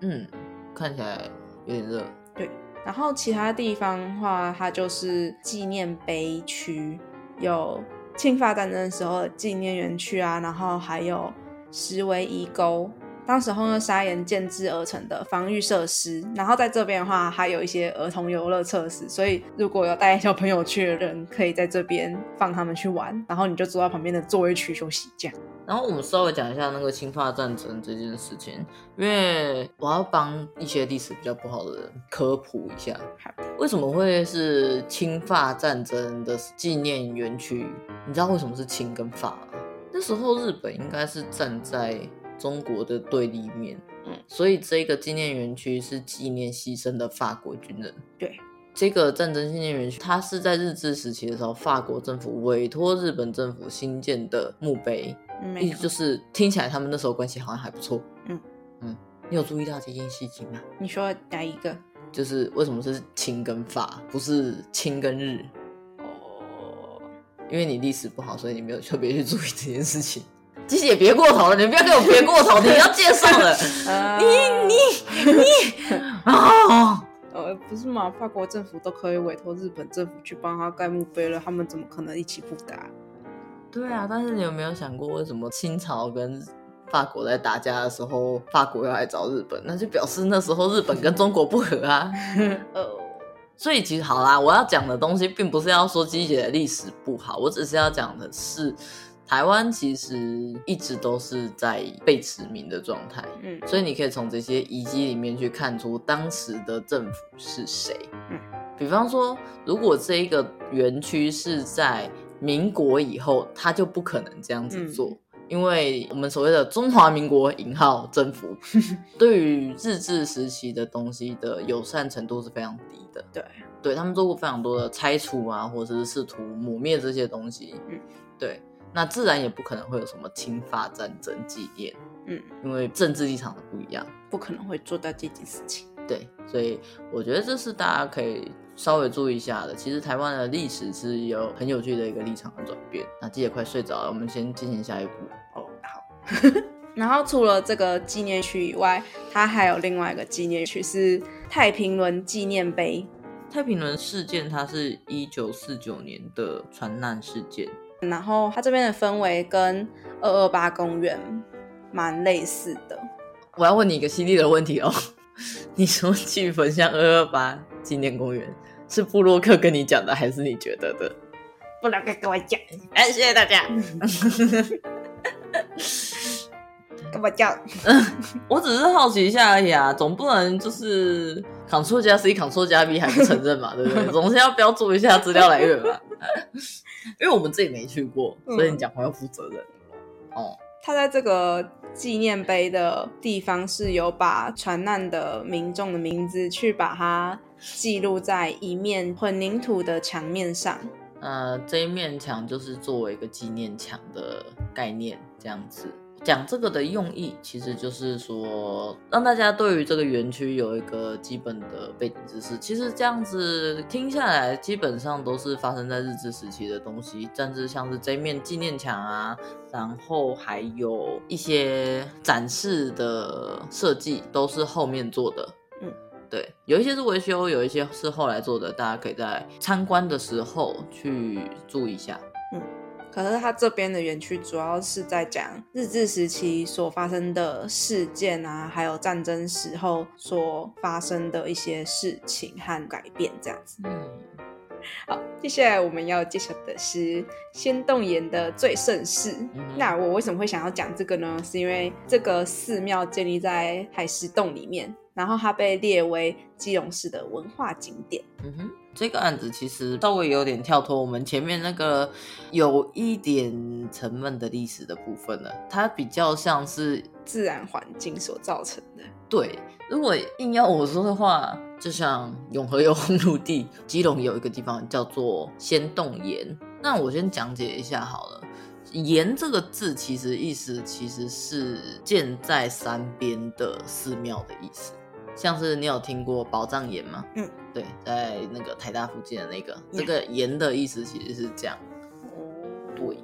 嗯，看起來有點熱。對，然後其他地方的話，它就是紀念碑區，有清法戰爭的時候的紀念園區啊，然後還有石圍遺構。當時用砂岩建制而成的防禦設施，然後在這邊的話，還有一些兒童遊樂設施，所以如果有帶小朋友去的人，可以在這邊放他們去玩，然後你就坐在旁邊的座位區休息一下。這樣。然後我們稍微講一下那個清法戰爭這件事情，因為我要幫一些歷史比較不好的人科普一下，好為什麼會是清法戰爭的紀念園區？你知道為什麼是清跟法、啊？那時候日本應該是站在。中國的對立面，嗯，所以這個紀念園區是紀念犧牲的法國軍人。對，這個戰爭紀念園區，它是在日治時期的時候，法國政府委託日本政府新建的墓碑，意思有就是聽起來他們那時候關係好像還不錯。嗯嗯，你有注意到這件事情嗎？你說哪一個？就是為什麼是清跟法，不是清跟日？哦，因為你歷史不好，所以你沒有特別去注意這件事情。雞姐別過頭了，你不要給我別過頭， 你要介紹了。Uh, 你你你啊！呃， oh. oh, 不是嘛？法國政府都可以委托日本政府去幫他蓋墓碑了，他們怎麼可能一起不打？對啊，但是你有沒有想過，為什麼清朝跟法國在打架的時候，法國要來找日本？那就表示那時候日本跟中國不合啊。 oh. 所以其實好啦，我要講的東西並不是要說雞姐的歷史不好，我只是要講的是。台灣其實一直都是在被殖民的狀態，嗯，所以你可以從這些遺跡裡面去看出當時的政府是誰，嗯，比方說，如果這一個園區是在民國以後，他就不可能這樣子做，嗯，因為我們所謂的中華民國引號政府， 對於日治時期的東西的友善程度是非常低的，對，對他們做過非常多的拆除啊，或者是試圖抹滅這些東西，嗯，對。那自然也不可能會有什麼侵華戰爭紀念，嗯，因為政治立場的不一樣，不可能會做到這件事情。對，所以我覺得這是大家可以稍微注意一下的。其實台灣的歷史是有很有趣的一個立場的轉變。那記者快睡着了，我們先進行下一步。哦，好。 然後除了這個紀念區以外，它還有另外一個紀念區是太平輪紀念碑。太平輪事件，它是一九四九年的船難事件。然後它這邊的氛圍跟二二八公園蠻類似的。我要問你一個犀利的問題哦，你說氣氛像二二八紀念公園，是部落客跟你講的，還是你覺得的？部落客跟我講。哎，謝謝大家。 幹，我只是好奇一下而已啊，總不能就是 C C, Ctrl 加 C，Ctrl 加 V 還不承認嘛， 對不對？總是要標註一下資料來源吧。 因為我們自己沒去過，所以你講話要負責任。哦、嗯，他在這個紀念碑的地方是有把船難的民眾的名字去把它記錄在一面混凝土的牆面上。呃，這一面牆就是作為一個紀念牆的概念，這樣子。講這個的用意，其實就是說，讓大家對於這個園區有一個基本的背景知識。其實這樣子聽下來，基本上都是發生在日治時期的東西，甚至像是這面紀念牆啊，然後還有一些展示的設計，都是後面做的。嗯，對，有一些是維修，有一些是後來做的，大家可以在參觀的時候去注意一下。可是他這邊的園區主要是在講日治時期所發生的事件啊，還有戰爭時候所發生的一些事情和改變，這樣子。嗯，好，接下來我們要介紹的是仙洞巖的最勝寺。嗯、哼那我為什麼會想要講這個呢？是因為這個寺廟建立在海蝕洞裡面，然後它被列為基隆市的文化景點。嗯這個案子其實稍微有點跳脫我們前面那個有一點沉悶的歷史的部分了，它比較像是自然環境所造成的。對，如果硬要我說的話，就像永和有紅土地，基隆有一個地方叫做仙洞巖。那我先講解一下好了，巖這個字其實意思其實是建在山邊的寺廟的意思。像是你有聽過寶藏巖嗎？嗯，對，在那個台大附近的那個，嗯、這個巖的意思其實是這樣。哦，對，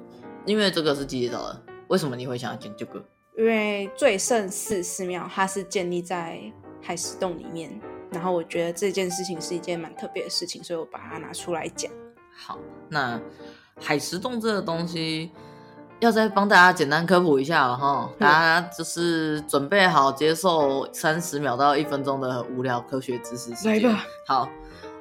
因為這個是季節找的，為什麼你會想要講這個？因為最勝寺寺廟它是建立在海蝕洞裡面，然後我覺得這件事情是一件蠻特別的事情，所以我把它拿出來講。好，那海蝕洞這個東西。要再幫大家簡單科普一下了哈，嗯，大家就是準備好接受三十秒到一分鐘的無聊科學知識時間。來的。好，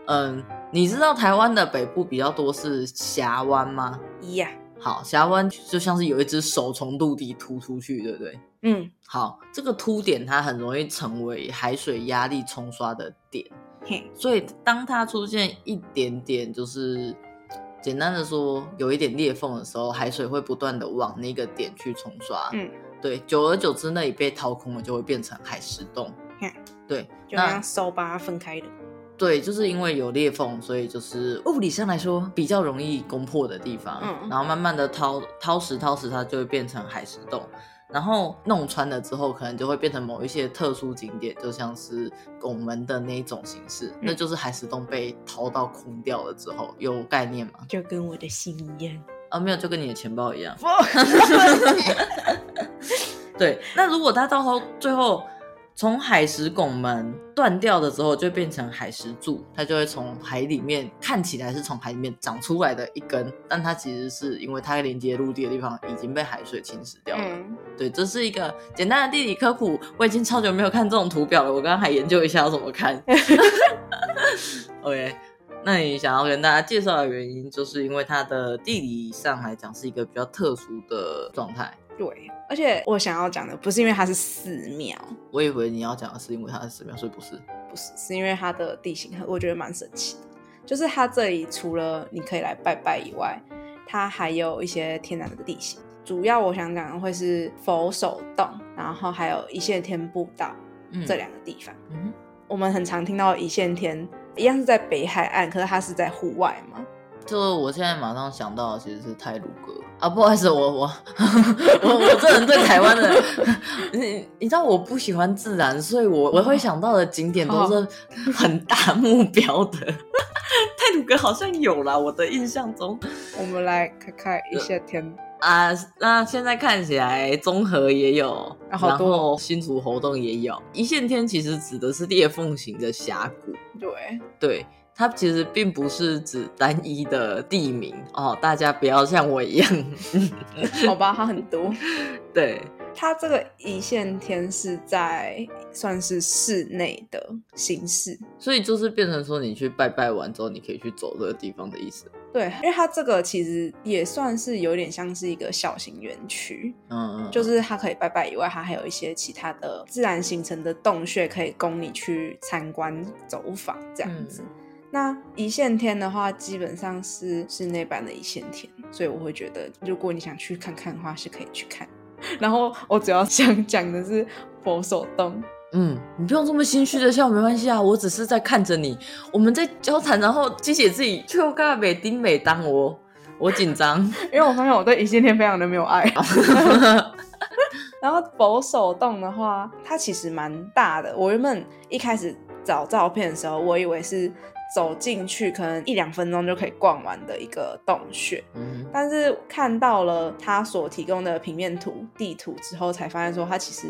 嗯，你知道台灣的北部比較多是峽灣嗎？咿呀，好，峽灣就像是有一隻手從陸地突出去，對不對？嗯，好，這個凸點它很容易成為海水壓力沖刷的點，嘿，所以當它出現一點點就是。簡單的說，有一點裂縫的時候，海水會不斷的往那個點去沖刷，嗯，對，久而久之那裡被掏空了，就會變成海蝕洞，看、嗯，對，就跟燒吧，分開的，對，就是因為有裂縫，所以就是物理上來說比較容易攻破的地方，嗯、然後慢慢的掏掏石掏石，它就會變成海蝕洞。然後弄穿了之後，可能就會變成某一些特殊景點，就像是拱門的那一種形式，嗯、那就是海石洞被掏到空掉了之後，有概念嗎？就跟我的心一樣啊，沒有，就跟你的錢包一樣。對，那如果他到時候最後。從海蝕拱門斷掉的時候，就變成海蝕柱，它就會從海裡面看起來是從海裡面長出來的一根，但它其實是因為它連接陸地的地方已經被海水侵蝕掉了。嗯、對，這是一個簡單的地理科普，我已經超久沒有看這種圖表了，我剛剛還研究一下要怎麼看。 OK，那你想要跟大家介紹的原因，就是因為它的地理上來講是一個比較特殊的狀態。對，而且我想要講的不是因為它是寺廟，我以為你要講的是因為它是寺廟，所以不是，不是是因為它的地形，我覺得蠻神奇的，就是它這裡除了你可以來拜拜以外，它還有一些天然的地形。主要我想講的會是佛手洞，然後還有一線天步道這兩個地方。嗯，嗯哼，我們很常聽到一線天，一樣是在北海岸，可是它是在戶外嘛。就我現在馬上想到的其實是太魯閣啊！不好意思，我我呵呵我我這人對台灣的， 你你知道我不喜歡自然，所以我我會想到的景點都是很大目標的。太魯閣好像有啦，我的印象中。我們來看看一線天啊、呃呃，那現在看起來綜合也有，啊好多哦、然後新竹活動也有。一線天其實指的是裂縫型的峽谷。對對。對它其實並不是指單一的地名哦，大家不要像我一樣。 好吧，它很多。對，它這個一線天是在算是室內的形式。所以就是變成說，你去拜拜完之後，你可以去走這個地方的意思。對，因為它這個其實也算是有點像是一個小型園區，嗯，就是它可以拜拜以外，它還有一些其他的自然形成的洞穴可以供你去參觀走訪這樣子。嗯那一線天的話，基本上是室內版的一線天，所以我會覺得，如果你想去看看的話，是可以去看。然後我主要想講的是佛手洞。嗯，你不用這麼心虛的笑，沒關係啊，我只是在看着你，我們在交談，然後記寫自己就剛被丁美當我我緊張， 因為我發現我對一線天非常的沒有愛。 然後佛手洞的話，它其實蠻大的。我原本一開始找照片的時候，我以為是。走進去可能一兩分鐘就可以逛完的一個洞穴，嗯，但是看到了它所提供的平面圖地圖之後，才發現說它其實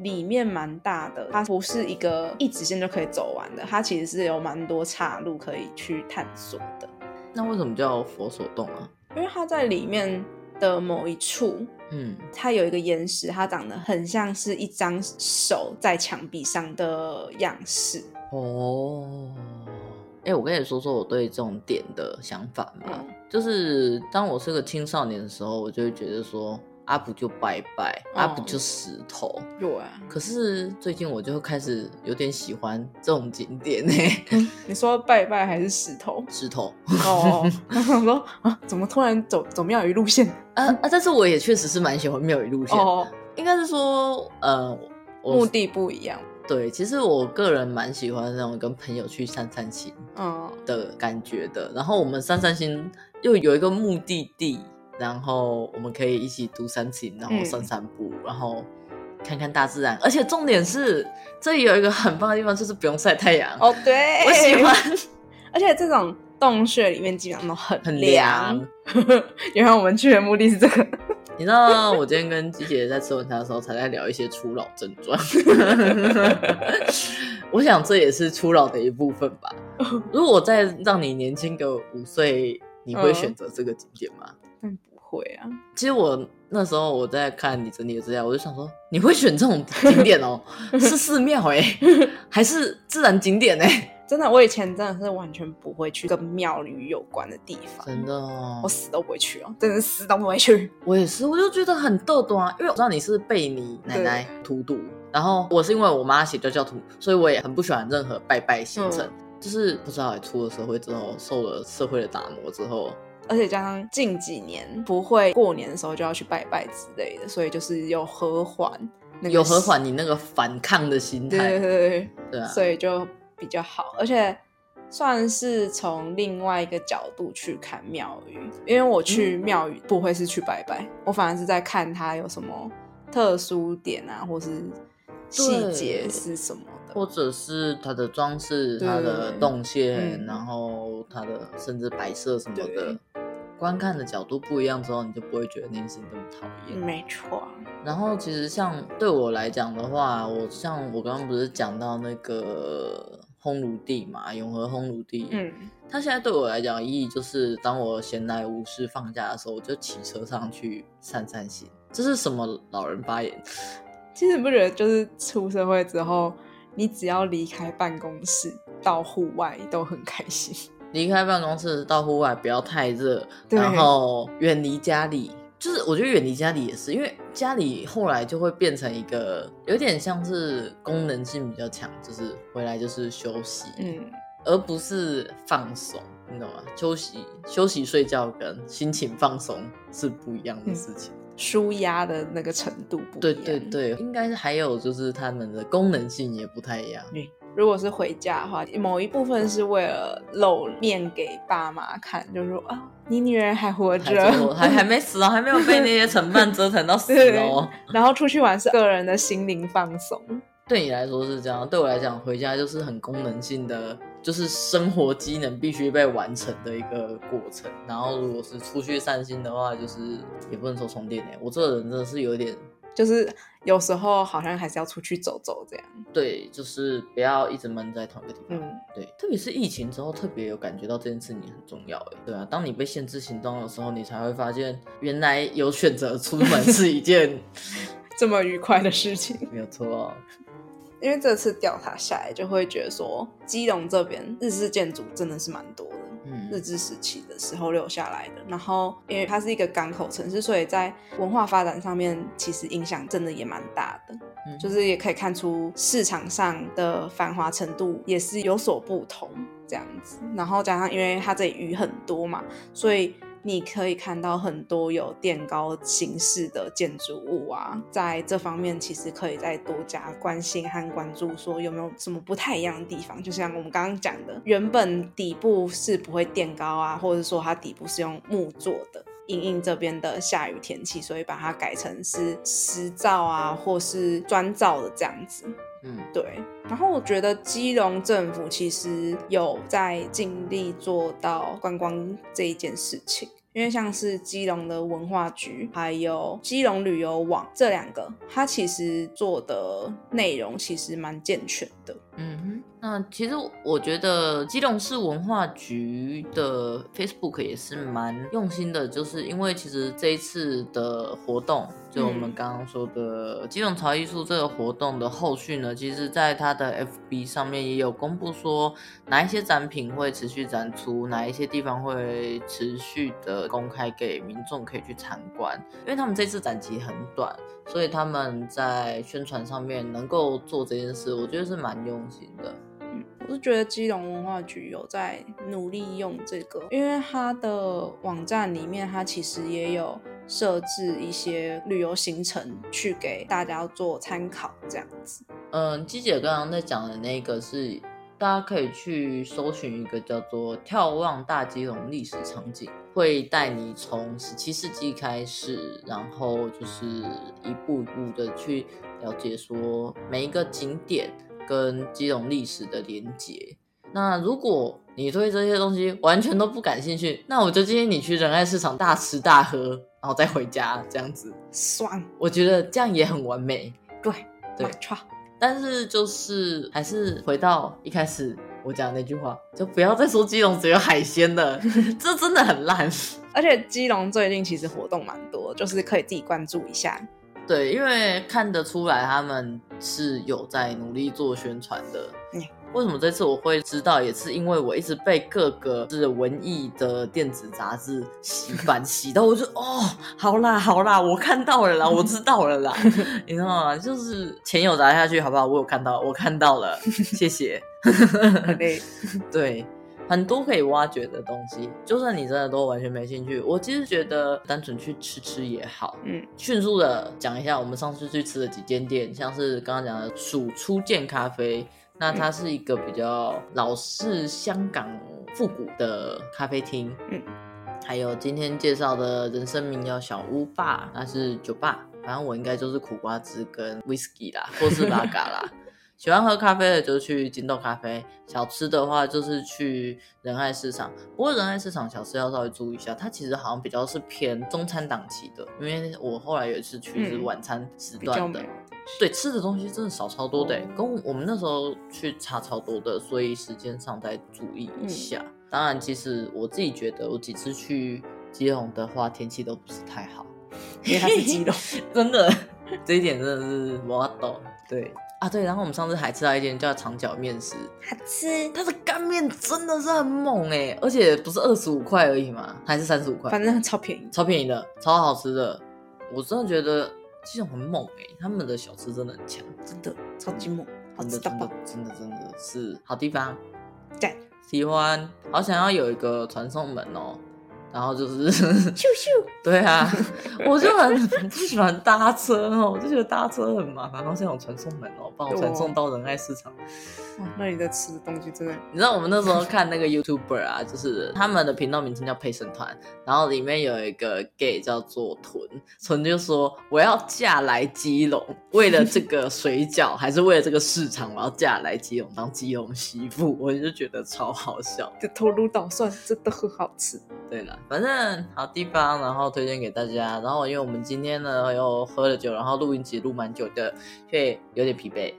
裡面蠻大的，它不是一個一直線就可以走完的，它其實是有蠻多岔路可以去探索的。那為什麼叫佛手洞啊？因為它在裡面的某一處，嗯，它有一個岩石，它長得很像是一張手在牆壁上的樣式。哦。哎、欸，我跟你說說我對這種點的想法嘛，嗯、就是當我是個青少年的時候，我就會覺得說阿不、啊、就拜拜，阿不、哦啊、就石頭。對、啊。可是最近我就開始有點喜歡這種景點呢、欸嗯。你說拜拜還是石頭？石頭。哦，哦。說怎麼突然走走廟宇路線？啊，但是我也確實是蠻喜歡廟宇路線。哦，哦，哦。應該是說，呃，我目的不一樣。對，其實我個人蠻喜歡那種跟朋友去散散心，嗯，的感覺的。哦、然後我們散散心又有一個目的地，然後我們可以一起讀山經，然後散散步，嗯、然後看看大自然。而且重點是，這裡有一個很棒的地方，就是不用曬太陽。哦，對， 我喜歡。而且這種洞穴裡面基本上都很很涼。很涼 原來我們去的目的是這個。 你知道我今天跟雞姐在吃晚餐的時候，才在聊一些初老症狀。 我想這也是初老的一部分吧。如果我再讓你年輕個五歲，你會選擇這個景點嗎？但不、嗯、會啊。其實我那時候我在看你整理的資料，我就想說你會選這種景點哦、喔， 是寺廟哎、欸，還是自然景點呢、欸？真的，我以前真的是完全不會去跟廟宇有關的地方，真的，哦，我死都不會去哦，真的死都不會去。我也是，我就覺得很逗啊，因為我知道你是被你奶奶荼毒，對然後我是因為我媽邪教教徒，所以我也很不喜歡任何拜拜行程，嗯、就是不知道還出了社會之後，受了社會的打磨之後，而且加上近幾年不會過年的時候就要去拜拜之類的，所以就是和有和緩，有和緩你那個反抗的心態，對，對對對，對啊，所以就。比較好，而且算是從另外一個角度去看廟宇，因為我去廟宇不會是去拜拜，我反而是在看它有什麼特殊點啊，或是細節是什麼的，或者是它的裝飾、它的動線，對對對對，然後它的甚至白色什麼的，對觀看的角度不一樣之後，你就不會覺得那些事情這麼討厭。沒錯錯。然後其實像對我來講的話，我像我剛剛不是講到那個。烘爐地嘛，永和烘爐地。嗯，他現在對我來講意義就是，當我閒來無事，放假的時候，我就騎車上去散散心。這是什麼老人發言？其實不覺得，就是出社會之後，你只要離開辦公室到戶外都很開心。離開辦公室到戶外，不要太熱，對然後遠離家裡。就是我覺得遠離家裡也是，因為家裡後來就會變成一個有點像是功能性比較強，就是回來就是休息，嗯，而不是放鬆，你懂嗎？休息、休息、睡覺跟心情放鬆是不一樣的事情，舒壓、嗯、的那個程度不一樣。對對對，應該是還有就是他們的功能性也不太一樣。嗯如果是回家的話，某一部分是為了露面給爸媽看，就是說啊，你女兒還活着，還還,還沒死、哦，還沒有被那些承辦折騰到死哦 對對對。然後出去玩是個人的心靈放鬆，對你來說是這樣，對我來講回家就是很功能性的，就是生活機能必須被完成的一個過程。然後如果是出去散心的話，就是也不能說充電哎、欸，我這個人真的是有點就是。有時候好像還是要出去走走，這樣。對，就是不要一直悶在同一個地方。嗯，對，特別是疫情之後，特別有感覺到這件事情很重要哎。對啊，當你被限制行動的時候，你才會發現原來有選擇出門是一件 這麼愉快的事情。沒有錯哦，因為這次調查下來，就會覺得說，基隆這邊日式建築真的是蠻多的。日治時期的時候留下來的，然後因為它是一個港口城市，所以在文化發展上面其實影響真的也蠻大的，就是也可以看出市場上的繁華程度也是有所不同這樣子，然後加上因為它這裡魚很多嘛，所以。你可以看到很多有墊高形式的建築物啊，在這方面其實可以再多加關心和關注，說有沒有什麼不太一樣的地方。就像我們剛剛講的，原本底部是不會墊高啊，或者說它底部是用木做的，因應這邊的下雨天氣，所以把它改成是石造啊，或是磚造的這樣子。嗯，對。然後我覺得基隆政府其實有在盡力做到觀光這一件事情。因為像是基隆的文化局，還有基隆旅遊網這兩個，它其實做的內容其實蠻健全的。嗯哼，那其實我覺得基隆市文化局的 Facebook 也是蠻用心的，就是因為其實這一次的活動，就我們剛剛說的基隆潮藝術這個活動的後續呢，其實在它的 FB 上面也有公布說哪一些展品會持續展出，哪一些地方會持續的公開給民眾可以去參觀，因為他們這次展期很短。所以他們在宣傳上面能夠做這件事，我覺得是蠻用心的。嗯，我是覺得基隆文化局有在努力用這個，因為它的網站裡面，它其實也有設置一些旅遊行程去給大家做參考，這樣子。嗯，雞姐剛剛在講的那個是，大家可以去搜尋一個叫做“眺望大基隆歷史場景”。會帶你從十七世紀開始，然後就是一步一步的去了解，說每一個景點跟基隆歷史的連接。那如果你對這些東西完全都不感興趣，那我就建議你去仁愛市場大吃大喝，然後再回家這樣子，算，我覺得這樣也很完美。對對，對上但是就是還是回到一開始。我講的那句話，就不要再說基隆只有海鮮了， 這真的很爛。而且基隆最近其實活動蠻多，就是可以自己關注一下。對，因為看得出來他們是有在努力做宣傳的。嗯。為什麼這次我會知道，也是因為我一直被各個是文藝的電子雜誌洗版洗到我就 哦，好啦好啦，我看到了啦，我知道了啦。 你知道嗎？就是錢有砸下去，好不好？我有看到，我看到了， 謝謝。 Okay. 對，很多可以挖掘的東西，就算你真的都完全沒興趣，我其實覺得單純去吃吃也好。嗯，迅速的講一下，我們上次去吃的幾間店，像是剛剛講的鼠初見咖啡，那它是一個比較老式香港復古的咖啡廳。嗯，還有今天介紹的人參民謠小屋 Bar，爸那是酒吧，反正我應該就是苦瓜汁跟 whiskey 啦，或是拉嘎啦。 喜歡喝咖啡的就去金豆咖啡，小吃的話就是去仁愛市場。不過仁愛市場小吃要稍微注意一下，它其實好像比較是偏中餐檔期的。因為我後來有一次去是晚餐時段的，嗯、對，吃的東西真的少超多的，哦、跟我們那時候去差超多的，所以時間上再注意一下。嗯、當然，其實我自己覺得我幾次去基隆的話，天氣都不是太好，因為它是基隆， 真的，這一點真的是我懂。對。啊對，然後我們上次還吃到一間叫長角麵食，好吃，它的乾麵真的是很猛欸，而且不是二十五塊而已嘛，還是三十五塊，反正超便宜，超便宜的，超好吃的，我真的覺得這種很猛欸，他們的小吃真的很強，真的，真的超級猛，好吃，真的真的真的是好地方，對、讚，喜歡，好想要有一個傳送門哦，然後就是咻咻。對啊， 我就很不 喜歡搭車哦，我就覺得搭車很麻煩。然後現在有傳送門哦，幫我傳送到仁愛市場。 那你的吃的東西，真的。 你知道我們那時候看那個 YouTuber 啊，就是他們的頻道名稱叫陪審團，然後裡面有一個 Gay 叫做豚。豚就說我要嫁來基隆，為了這個水餃， 還是為了這個市場，我要嫁來基隆當基隆媳婦，我就覺得超好笑。這頭如搗蒜真的很好吃。對了，反正好地方，然後。推薦給大家。然後，因為我們今天呢又喝了酒，然後錄音機錄蠻久的，卻有點疲憊。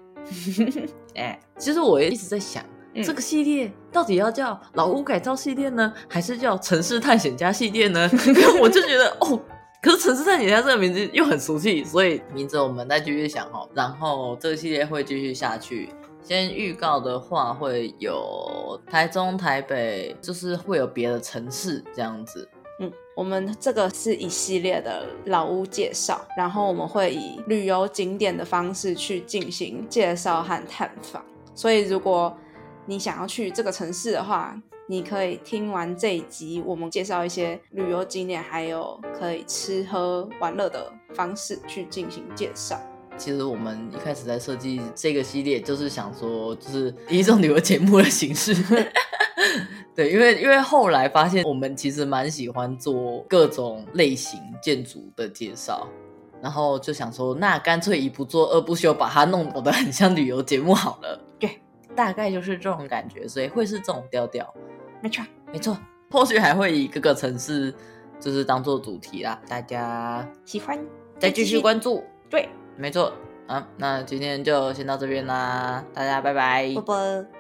哎、 欸，其實我也一直在想，嗯、這個系列到底要叫“老屋改造系列”呢，還是叫“城市探險家系列”呢？ 我就覺得哦，可是“城市探險家”這個名字又很熟悉，所以名字我們再繼續想哦。然後這個系列會繼續下去，先預告的話會有台中、台北，就是會有別的城市這樣子。我們這個是一系列的老屋介紹，然後我們會以旅遊景點的方式去進行介紹和探訪。所以，如果你想要去這個城市的話，你可以聽完這一集，我們介紹一些旅遊景點，還有可以吃喝玩樂的方式去進行介紹。其實我們一開始在設計這個系列，就是想說，就是以一種旅遊節目的形式。 對，因為因為後來發現，我們其實蠻喜歡做各種類型建築的介紹，然後就想說，那乾脆一不做二不休，把它弄得很像旅遊節目好了。對，大概就是這種感覺，所以會是這種調調。沒錯，沒錯。後續還會以各個城市就是當做主題啦，大家喜歡再繼續關注。對。沒錯啊，那今天就先到這邊啦，大家拜拜，拜拜。